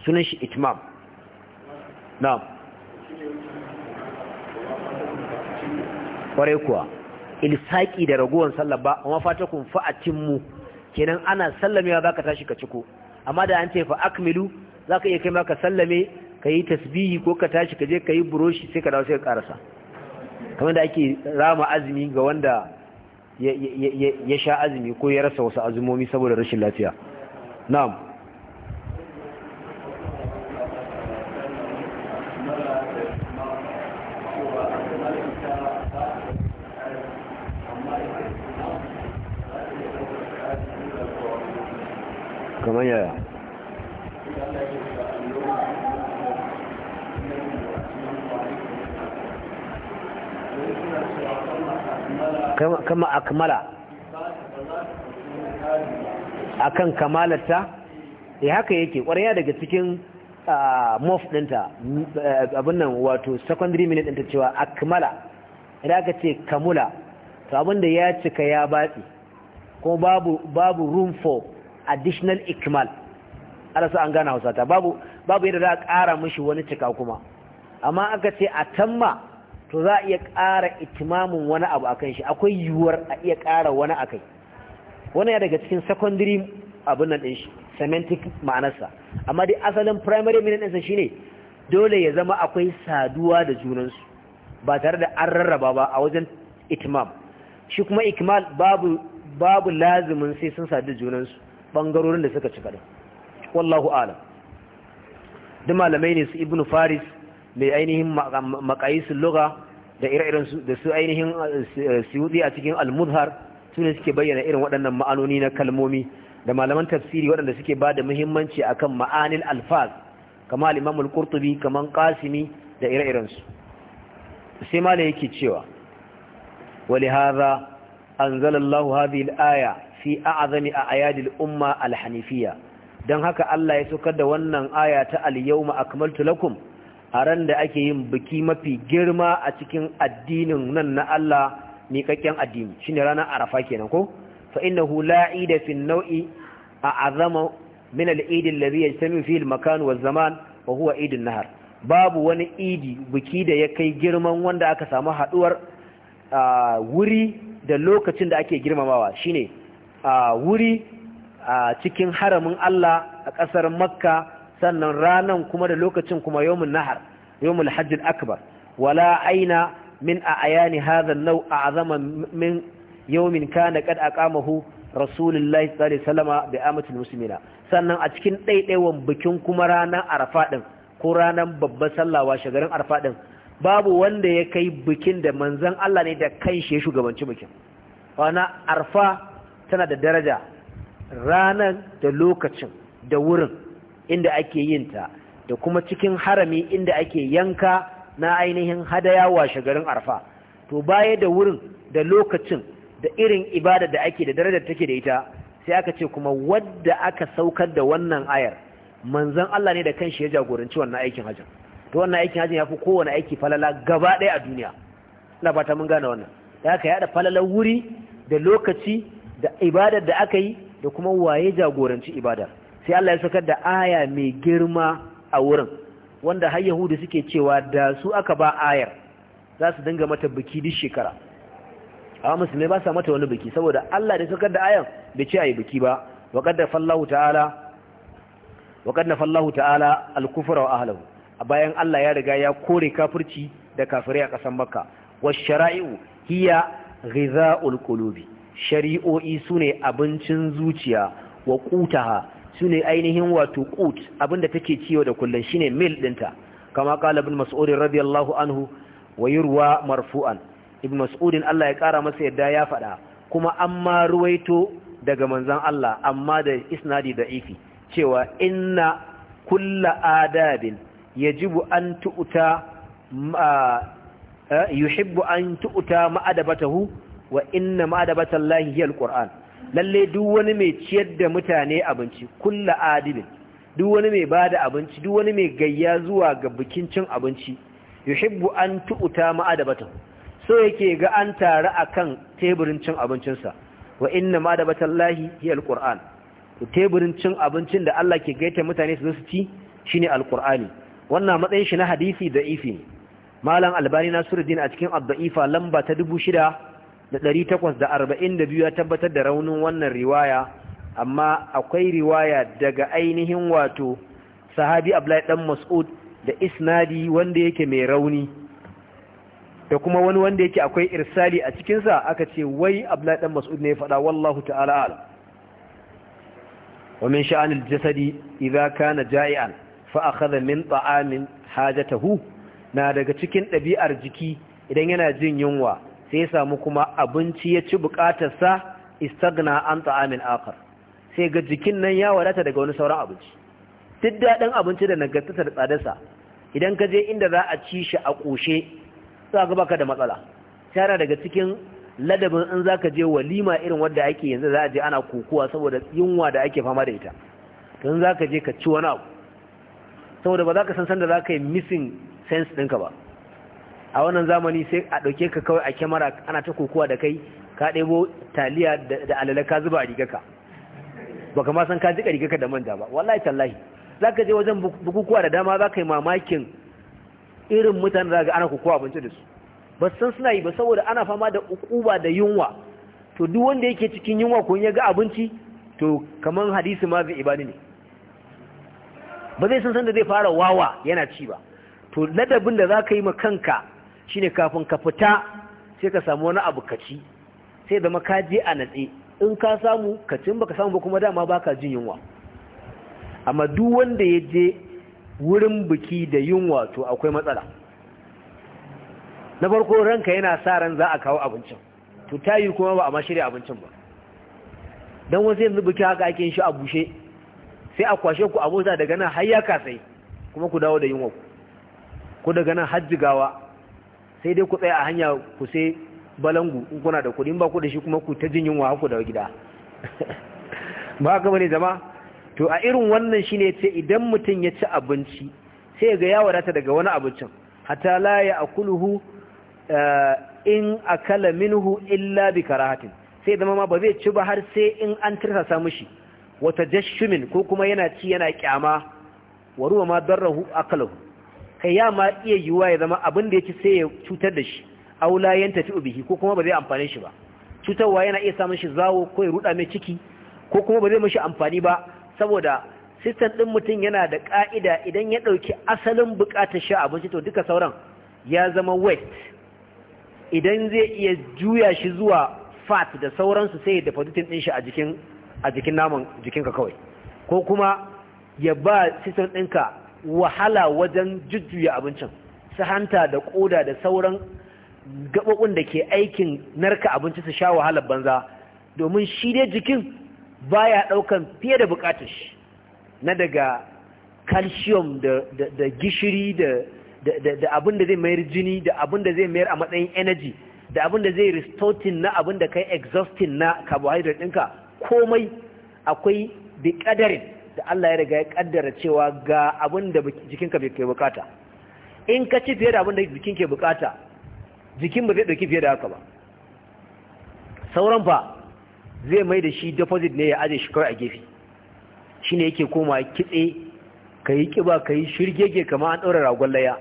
sunan shi itmam Na. kwarai kuwa saƙi da raguwan sallar ba amma fata kun fa'atin mu kenan ana sallamewa ka tashi ka ciko amma da an ce fa akmilu ka iya kai maka sallame ka yi tasbihi ko ka tashi ka je ka yi buroshi sai ka dawo sai ka karasa kamar da ake rama azumi ga wanda ya sha azumi ko ya rasa wasu azumomi saboda rashin lafiya na'am kamar yaya kama akmala akan kamalarta ya eh, haka yake ƙwarya daga cikin mof ɗinta abin nan wato secondary minute ɗinta cewa akmala idan aka ce kamula to abinda ya cika ya batsi ko babu babu room for additional ikmal arasa an gane hausata babu babu yadda za a ƙara mishi wani cika kuma amma aka ce a tamma to za a iya ƙara itimamin wani abu a kan shi akwai yiwuwar a iya ƙara wani a kai wani ya daga cikin secondary abin nan ɗin shi semantic ma'anarsa amma dai asalin primary meaning ɗinsa shine dole ya zama akwai saduwa da junansu ba tare da an rarraba ba a wajen itimam shi kuma ikmal babu babu lazimin sai sun sadu da junansu bangarorin da suka ci kaɗan wallahu alam da malamai ne su ibnu faris mai ainihin makayisun luga da ire-iren da su ainihin uh, suyudi a cikin al-muzhar su ne suke bayyana irin waɗannan ma'anoni na kalmomi da malaman tafsiri waɗanda suke ba da muhimmanci akan ma'anin alfaz kama Limamul imamul kamar kaman da ire-iren su sai malai yake cewa ولهذا أنزل الله هذه الآية في أعظم أعياد الأمة الحنيفية دان هكا الله يسكد ونن آية اليوم أكملت لكم a ran da ake yin biki mafi girma a cikin addinin nan na Allah miƙaƙƙen addini shi ne ranar arafa kenan ko fa hu la'i da fi nau'i a azama min al'idin eid alladhi sami fi makan wa zaman wa huwa idin nahar babu wani idi biki da ya kai girman wanda aka samu haɗuwar wuri da lokacin da ake girmamawa shine wuri a cikin haramin Allah a ƙasar Makka sannan ranan kuma da lokacin kuma yawmun nahar yawmul hajj akbar wala aina min a ayani hadha nau' a a'zama min yawmin kana qad aqamahu rasulullahi sallallahu alaihi wasallama bi amatul muslimina sannan a cikin ɗaiɗaiwan bikin kuma ranar arfa din ko ranar babban sallah washe garin arfa din babu wanda ya kai bikin da manzon Allah ne da kanshi ya shugabanci bikin wana arfa tana da daraja ranar da lokacin da wurin inda ake yin ta da kuma cikin harami inda ake yanka na ainihin hadaya washe garin arfa to baya da wurin da lokacin da irin ibada da ake da darajar take da ita sai aka ce kuma wadda aka saukar da wannan ayar manzon Allah ne da kanshi ya jagoranci wannan aikin hajjin to wannan aikin hajjin yafi kowane aiki falala gaba ɗaya a duniya ina fata mun gane wannan da aka yada falalar wuri da lokaci da ibadar da aka yi da kuma waye jagoranci ibadar sai Allah ya saukar da aya mai girma a wurin wanda har yahudu suke cewa da su aka ba ayar za su dinga mata biki duk shekara amma musulmai ba sa mata wani biki saboda Allah da saukar da ayar bai ce ayi biki ba wa qad fallahu ta'ala wa qad fallahu ta'ala al-kufra wa ahlihi bayan Allah ya riga ya kore kafirci da kafirai a kasan Makka washara'u hiya ghidha'ul qulubi shari'o'i sune abincin zuciya wa qutaha su ne ainihin wato qut abinda take ciwo da kullum shine mil dinta kama qala ibn mas'ud radiyallahu anhu wa yurwa marfu'an ibn mas'ud Allah ya kara masa yadda ya fada kuma amma ruwaito daga manzon Allah amma da isnadi da'ifi cewa inna kulla adabin yajibu an tu'ta eh, yuhibbu an tu'ta ma'adabatahu wa inna ma'adabatallahi hiya alquran lalle duk wani mai ciyar da mutane abinci kulla adilin duk wani mai bada abinci duk wani mai gayya zuwa ga bikin cin abinci yuhibbu an tu'ta ma'adabatu so yake ga an tare akan teburin cin abincinsa wa inna ma'adabatallahi hi alquran teburin cin abincin da Allah ke gaita mutane su su ci shine alqur'ani wannan matsayin shi na hadisi da ifi malam albani nasiruddin a cikin ad lamba ta 6000 da ɗari da da arba'in biyu ya tabbatar da raunin wannan riwaya amma akwai riwaya daga ainihin wato sahabi Abdullahi dan Mas'ud da isnadi wanda yake mai rauni da kuma wani wanda yake akwai irsali a cikin sa aka ce wai Abdullahi dan Mas'ud ne ya faɗa wallahu ta'ala al wa min al jasadi idza kana ja'ian fa akhadha min ta'amin hajatahu na daga cikin ɗabi'ar jiki idan yana jin yunwa sai ya samu kuma abinci ya ci bukatarsa istagna an ta'amin akar sai ga jikin nan ya wadata daga wani sauran abinci duk daɗin abinci da nagartata da tsadarsa idan ka je inda za a ci shi a ƙushe za ga baka da matsala tana daga cikin ladabin in za ka je walima irin wadda ake yanzu za a je ana kokowa saboda yunwa da ake fama da ita tun za ka je ka ci wani abu saboda ba za ka san sanda za ka yi missing sense ɗinka ba a wannan zamani sai a ɗauke ka kawai a kyamara ana ta kokowa da kai ka ɗebo taliya da alala ka zuba a rigaka ba kama san ka jika rigaka da manja ba wallahi tallahi za ka je wajen bukukuwa da dama za ka yi mamakin irin mutane za ga ana kokowa abinci da su ba san suna yi ba saboda ana fama da ukuba da yunwa to duk wanda yake cikin yunwa ko ya ga abinci to kaman hadisi ma zai ibani ne ba zai san san da zai fara wawa yana ci ba to ladabin da za ka yi ma kanka Shi ne kafin ka fita sai ka samu wani abu kaci sai da ka je a natse in ka samu kacin ba baka samu ba kuma dama baka jin yunwa amma duk wanda ya je wurin biki da yunwa to akwai matsala na farko ranka yana sa ran za a kawo abincin to tayi kuma ba a ma abincin ba Don wasu yanzu biki haka ake shi a bushe sai a kwashe ku abota daga nan har ya kasai kuma ku dawo da yunwa ku daga nan hajjigawa sai dai ku tsaya a hanya ku sai balangu in kuna da kuɗi ba ku da shi kuma ku ta jin yunwa ku da gida ba haka bane zama to a irin wannan shine ce, idan mutum ya ci abinci sai ga ya wadata daga wani abincin hatta la ya akuluhu eh, in akala minhu illa bi karahatin sai zama ma ba zai ci ba har sai in an sa mishi wata jashumin ko kuma yana ci yana kyama wa ruwa ma darrahu akalahu kai ya ma iya yiwuwa ya zama abin da yake sai ya cutar da shi aula yan tafi ubihi ko kuma ba zai amfane shi ba cutarwa yana iya samun shi zawo ko ya ruda mai ciki ko kuma ba zai mishi amfani ba saboda sistan din mutum yana da ka'ida idan ya dauki asalin bukatar sha abinci to duka sauran ya zama waste idan zai iya juya shi zuwa fat da sauransu sai ya dafa dutin din shi a jikin naman jikinka kawai ko kuma ya ba sistan ɗinka wahala wajen jujjuya abincin su hanta da koda da sauran gaɓaɓun da ke aikin narka abinci su sha wahalar banza domin shi dai jikin baya ɗaukan fiye da buƙatar shi na daga calcium da gishiri da abin da zai mayar jini da abin da zai mayar a matsayin energy da abin da zai restoring na abin da kai exhausting na carbohydrate ɗinka komai akwai biƙadarin da Allah ya riga ya kaddara cewa ga abin da jikinka bai kai bukata in ka ci fiye da abin da jikin ke bukata jikin ba zai dauki fiye da haka ba sauran fa zai mai da shi deposit ne ya aje shi kawai a gefe shine yake koma kitse kai kiba kai shirgege kamar an daura ragon laya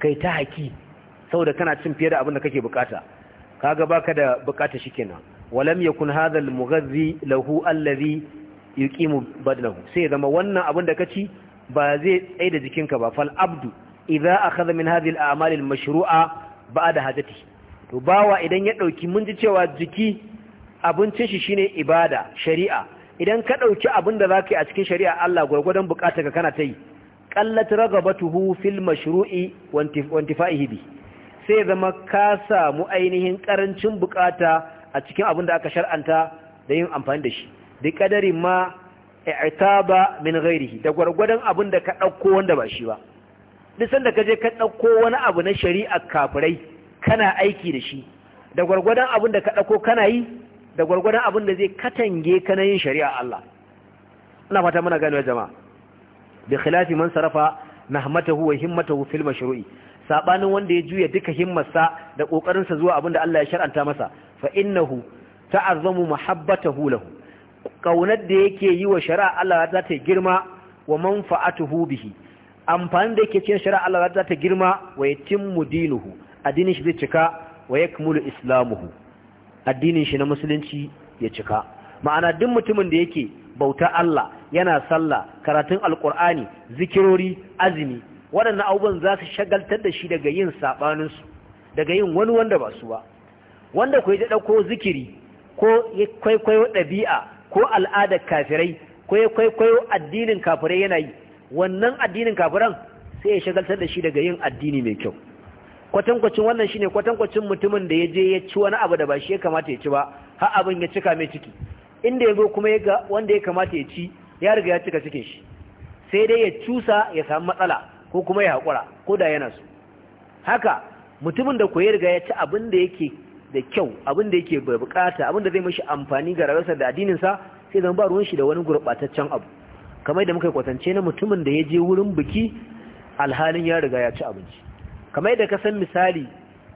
kai ta haki saboda kana cin fiye da abin da kake bukata kaga baka da bukata shikenan walam yakun hadha al-mughazzi lahu alladhi yuqimu badlahu sai zama wannan abin da ci ba zai tsaye da jikinka ba fal abdu idza akhadha min hadhihi al a'mal al mashru'a ba'da hajati to bawa idan ya ɗauki mun ji cewa jiki abincin shi shine ibada shari'a idan ka ɗauki abin da zaka yi a cikin shari'a Allah gurgurdan ka kana ta yi qallat ragabatuhu fil mashru'i wa intifa'ihi bi sai zama ka samu ainihin ƙarancin bukata a cikin abin da aka shar'anta da yin amfani da shi da kadari ma i'taba min ghairihi da gwargwadon abin da ka dauko wanda ba shi ba duk sanda ka je ka ɗauko wani abu na shari'a kafirai kana aiki da shi da gwargwadon abin da ka dauko kana yi da gwargwadon abin da zai katange ka na yin shari'a Allah ina fata muna gano jama'a bi khilafi man sarafa nahmatahu wa himmatahu fil mashru'i sabanin wanda ya juya duka himmarsa da kokarinsa zuwa abin da Allah ya shar'anta masa fa innahu ta'azzamu mahabbatahu lahu kaunar da yake yi wa shari'a Allah za ta girma wa manfa'atuhu bihi amfani da yake cikin shari'a Allah za ta girma wa yatimmu dinuhu addinin shi zai cika wa yakmulu islamuhu addinin shi na musulunci ya cika ma'ana duk mutumin da yake bauta Allah yana sallah karatun alqur'ani zikirori azumi waɗannan abubuwan za su shagaltar da shi daga yin saɓaninsu daga yin wani wanda ba su ba wanda ku ya ɗauko zikiri ko kwaikwayo ɗabi'a ko al'adar kafirai ko ya kwaikwayo addinin kafirai yana yi wannan addinin kafiran sai ya shagaltar da shi daga yin addini mai kyau kwatankwacin wannan shine kwatankwacin mutumin da ya je ya ci wani abu da ba shi ya kamata ya ci ba har abin ya cika mai ciki inda ya zo kuma ya ga wanda ya kamata ya ci ya riga ya cika cikin shi sai dai ya cusa ya samu matsala ko kuma ya haƙura ko da yana so haka mutumin da ko ya riga ya ci abin da yake da kyau abin da yake bukata abin da zai mashi amfani ga rayuwarsa da addininsa sai zama ba ruwan shi da wani gurbataccen abu kamar da muka kwatance na mutumin da ya je wurin biki alhalin ya riga ya ci abinci kamar da ka san misali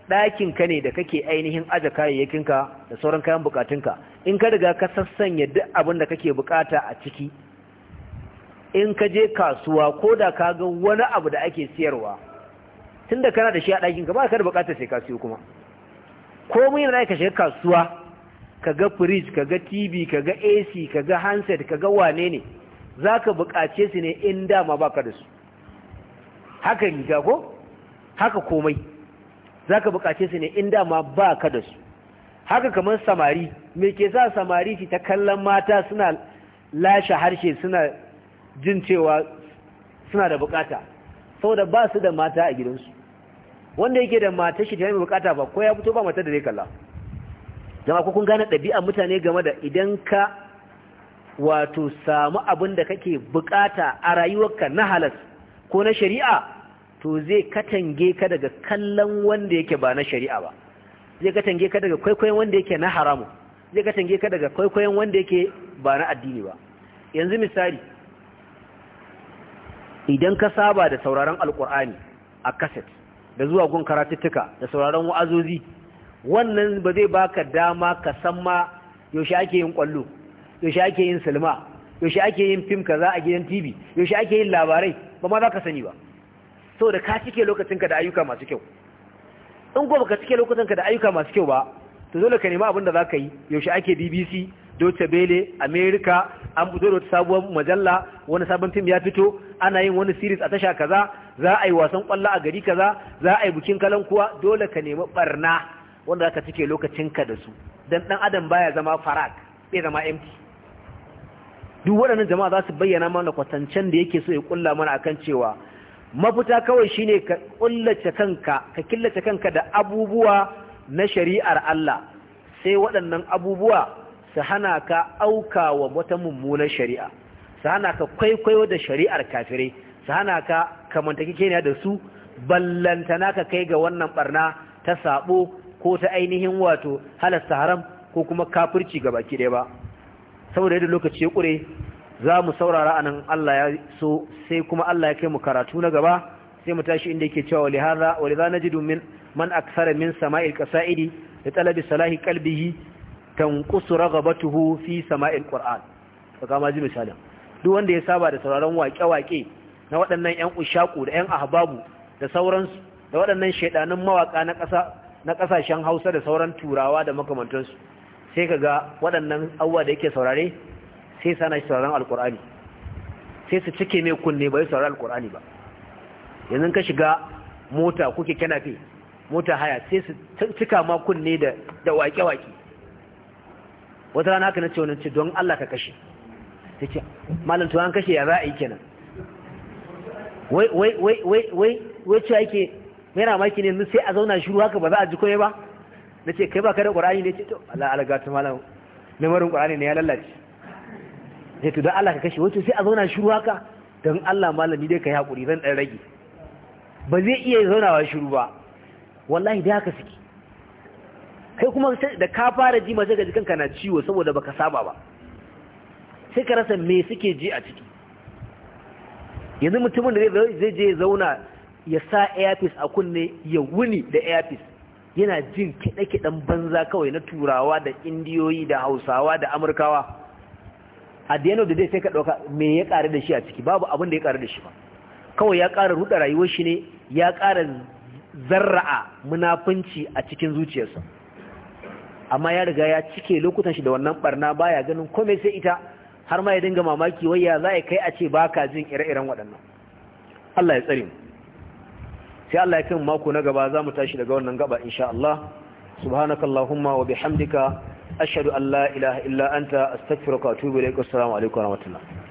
ɗakin ka ne da kake ainihin kayayyakin ka da sauran kayan ka, in ka riga ka sassanya duk abin da kake bukata a ciki in ka je kasuwa ko da ka ga wani abu da ake siyarwa tunda kana da shi a ɗakin ka ba ka da bukatar sai ka siyo kuma komai yana ka shiga kasuwa ka ga fridge ka ga tv ka ga ac ka ga handset ka ga wane ne za ka buƙace su ne in dama baka da su haka ga ko haka komai za ka buƙace su ne in dama baka da su haka kamar samari me ke sa samari ta kallon mata suna lashe harshe suna jin cewa suna da bukata saboda ba su da mata a gidansu wanda yake da matar shi ta bukata ba ko ya fito ba mata da zai kalla jama'a ko kun gane ɗabi'a mutane game da idan ka wato samu abin da kake bukata a rayuwarka na halas ko na shari'a to zai katange ka daga kallon wanda yake ba na shari'a ba zai katange ka daga kwaikwayon wanda yake na haramu zai katange ka daga kwaikwayon wanda yake ba na addini ba yanzu misali idan ka saba da sauraron alkur'ani a kaset da zuwa gun karatuttuka da sauraron wa'azozi wannan ba zai baka dama ka san ma yaushe ake yin kwallo yaushe ake yin silma yaushe ake yin fim kaza a gidan TV yaushe ake yin labarai ba ma za ka sani ba saboda ka cike lokacinka da ayyuka masu kyau in ko baka cike lokacinka da ayyuka masu kyau ba to dole ka nema abin da za ka yi yaushe ake BBC Deutsche Bele America an fito da sabuwar majalla wani sabon fim ya fito ana yin wani series a tasha kaza za a yi wasan kwallo a gari kaza za a yi bukin kalan kuwa dole ka nemi barna wanda zaka cike lokacinka da su dan dan adam baya zama farak bai zama empty duk waɗannan jama'a za su bayyana mana kwatancen da yake so ya kulla mana akan cewa Mafuta kawai shine ka kullace kanka ka killace kanka da abubuwa na shari'ar Allah sai waɗannan abubuwa su hana ka auka wa wata mummunar shari'a su hana ka kwaikwayo da shari'ar kafirai ta hana ka kamantakekeniya da su ballantana ka kai ga wannan barna ta sabo ko ta ainihin wato halasta haram ko kuma kafirci ga baki ɗaya ba saboda yadda lokaci ya ƙure za mu saurara anan Allah ya so sai kuma Allah ya kai mu karatu na gaba sai mu tashi inda yake cewa walihara waliza najidu min man aksara min sama'il qasaidi da talabi salahi qalbihi kusu raghabatuhu fi sama'il qur'an kaga ma ji duk wanda ya saba da sauraron waƙe wake na waɗannan 'yan ushaku da 'yan ahbabu da sauransu da waɗannan shaidanin mawaka na ƙasashen hausa da sauran turawa da makamantansu sai ka ga waɗannan abubuwa da yake saurare sai sana shi sauraron alkur'ani sai su cike mai kunne bai saurari alkur'ani ba yanzu ka shiga mota kuke kenafe mota haya sai su cika ma kunne da waƙe-waƙe. wata rana ka na ce wani ce don Allah ka kashe ta ce malam to kashe ya za a yi kenan wai wai wai wai wai wai ce ake yana maki ne sai a zauna shiru haka ba za a ji koyi ba na ce kai ba ka da ƙwarani ne ce to Allah alaga ta malam lamarin ƙwarani ne ya lalace ne to don Allah ka kashe wato sai a zauna shiru haka don Allah malami dai ka yi haƙuri zan ɗan rage ba zai iya zaunawa shiru ba wallahi da haka suke kai kuma da ka fara ji mace ga jikanka na ciwo saboda baka saba ba sai ka rasa me suke ji a ciki yanzu mutumin da zai je zauna ya sa airpiece a kunne ya wuni da airpiece yana jin kiɗe-kiɗen banza kawai na turawa da indiyoyi da hausawa da amurkawa a da da of sai ka ɗauka me ya ƙare da shi a ciki babu abin da ya ƙare da shi ba kawai ya ƙara ruɗa rayuwar shi ne ya ƙara zarra'a munafunci a cikin zuciyarsa amma ya riga ya cike lokutan shi da wannan barna baya ganin komai sai ita har ma ya dinga mamaki waya za a kai a ce ba ka jin ire-iren waɗannan Allah ya tsari mu sai Allah ya kan mako na gaba za mu tashi daga wannan gaba insha Allah subhanaka allahumma wa bihamdika ashhadu an la ilaha illa anta astaghfiruka wa atubu ilaik assalamu alaikum wa rahmatullah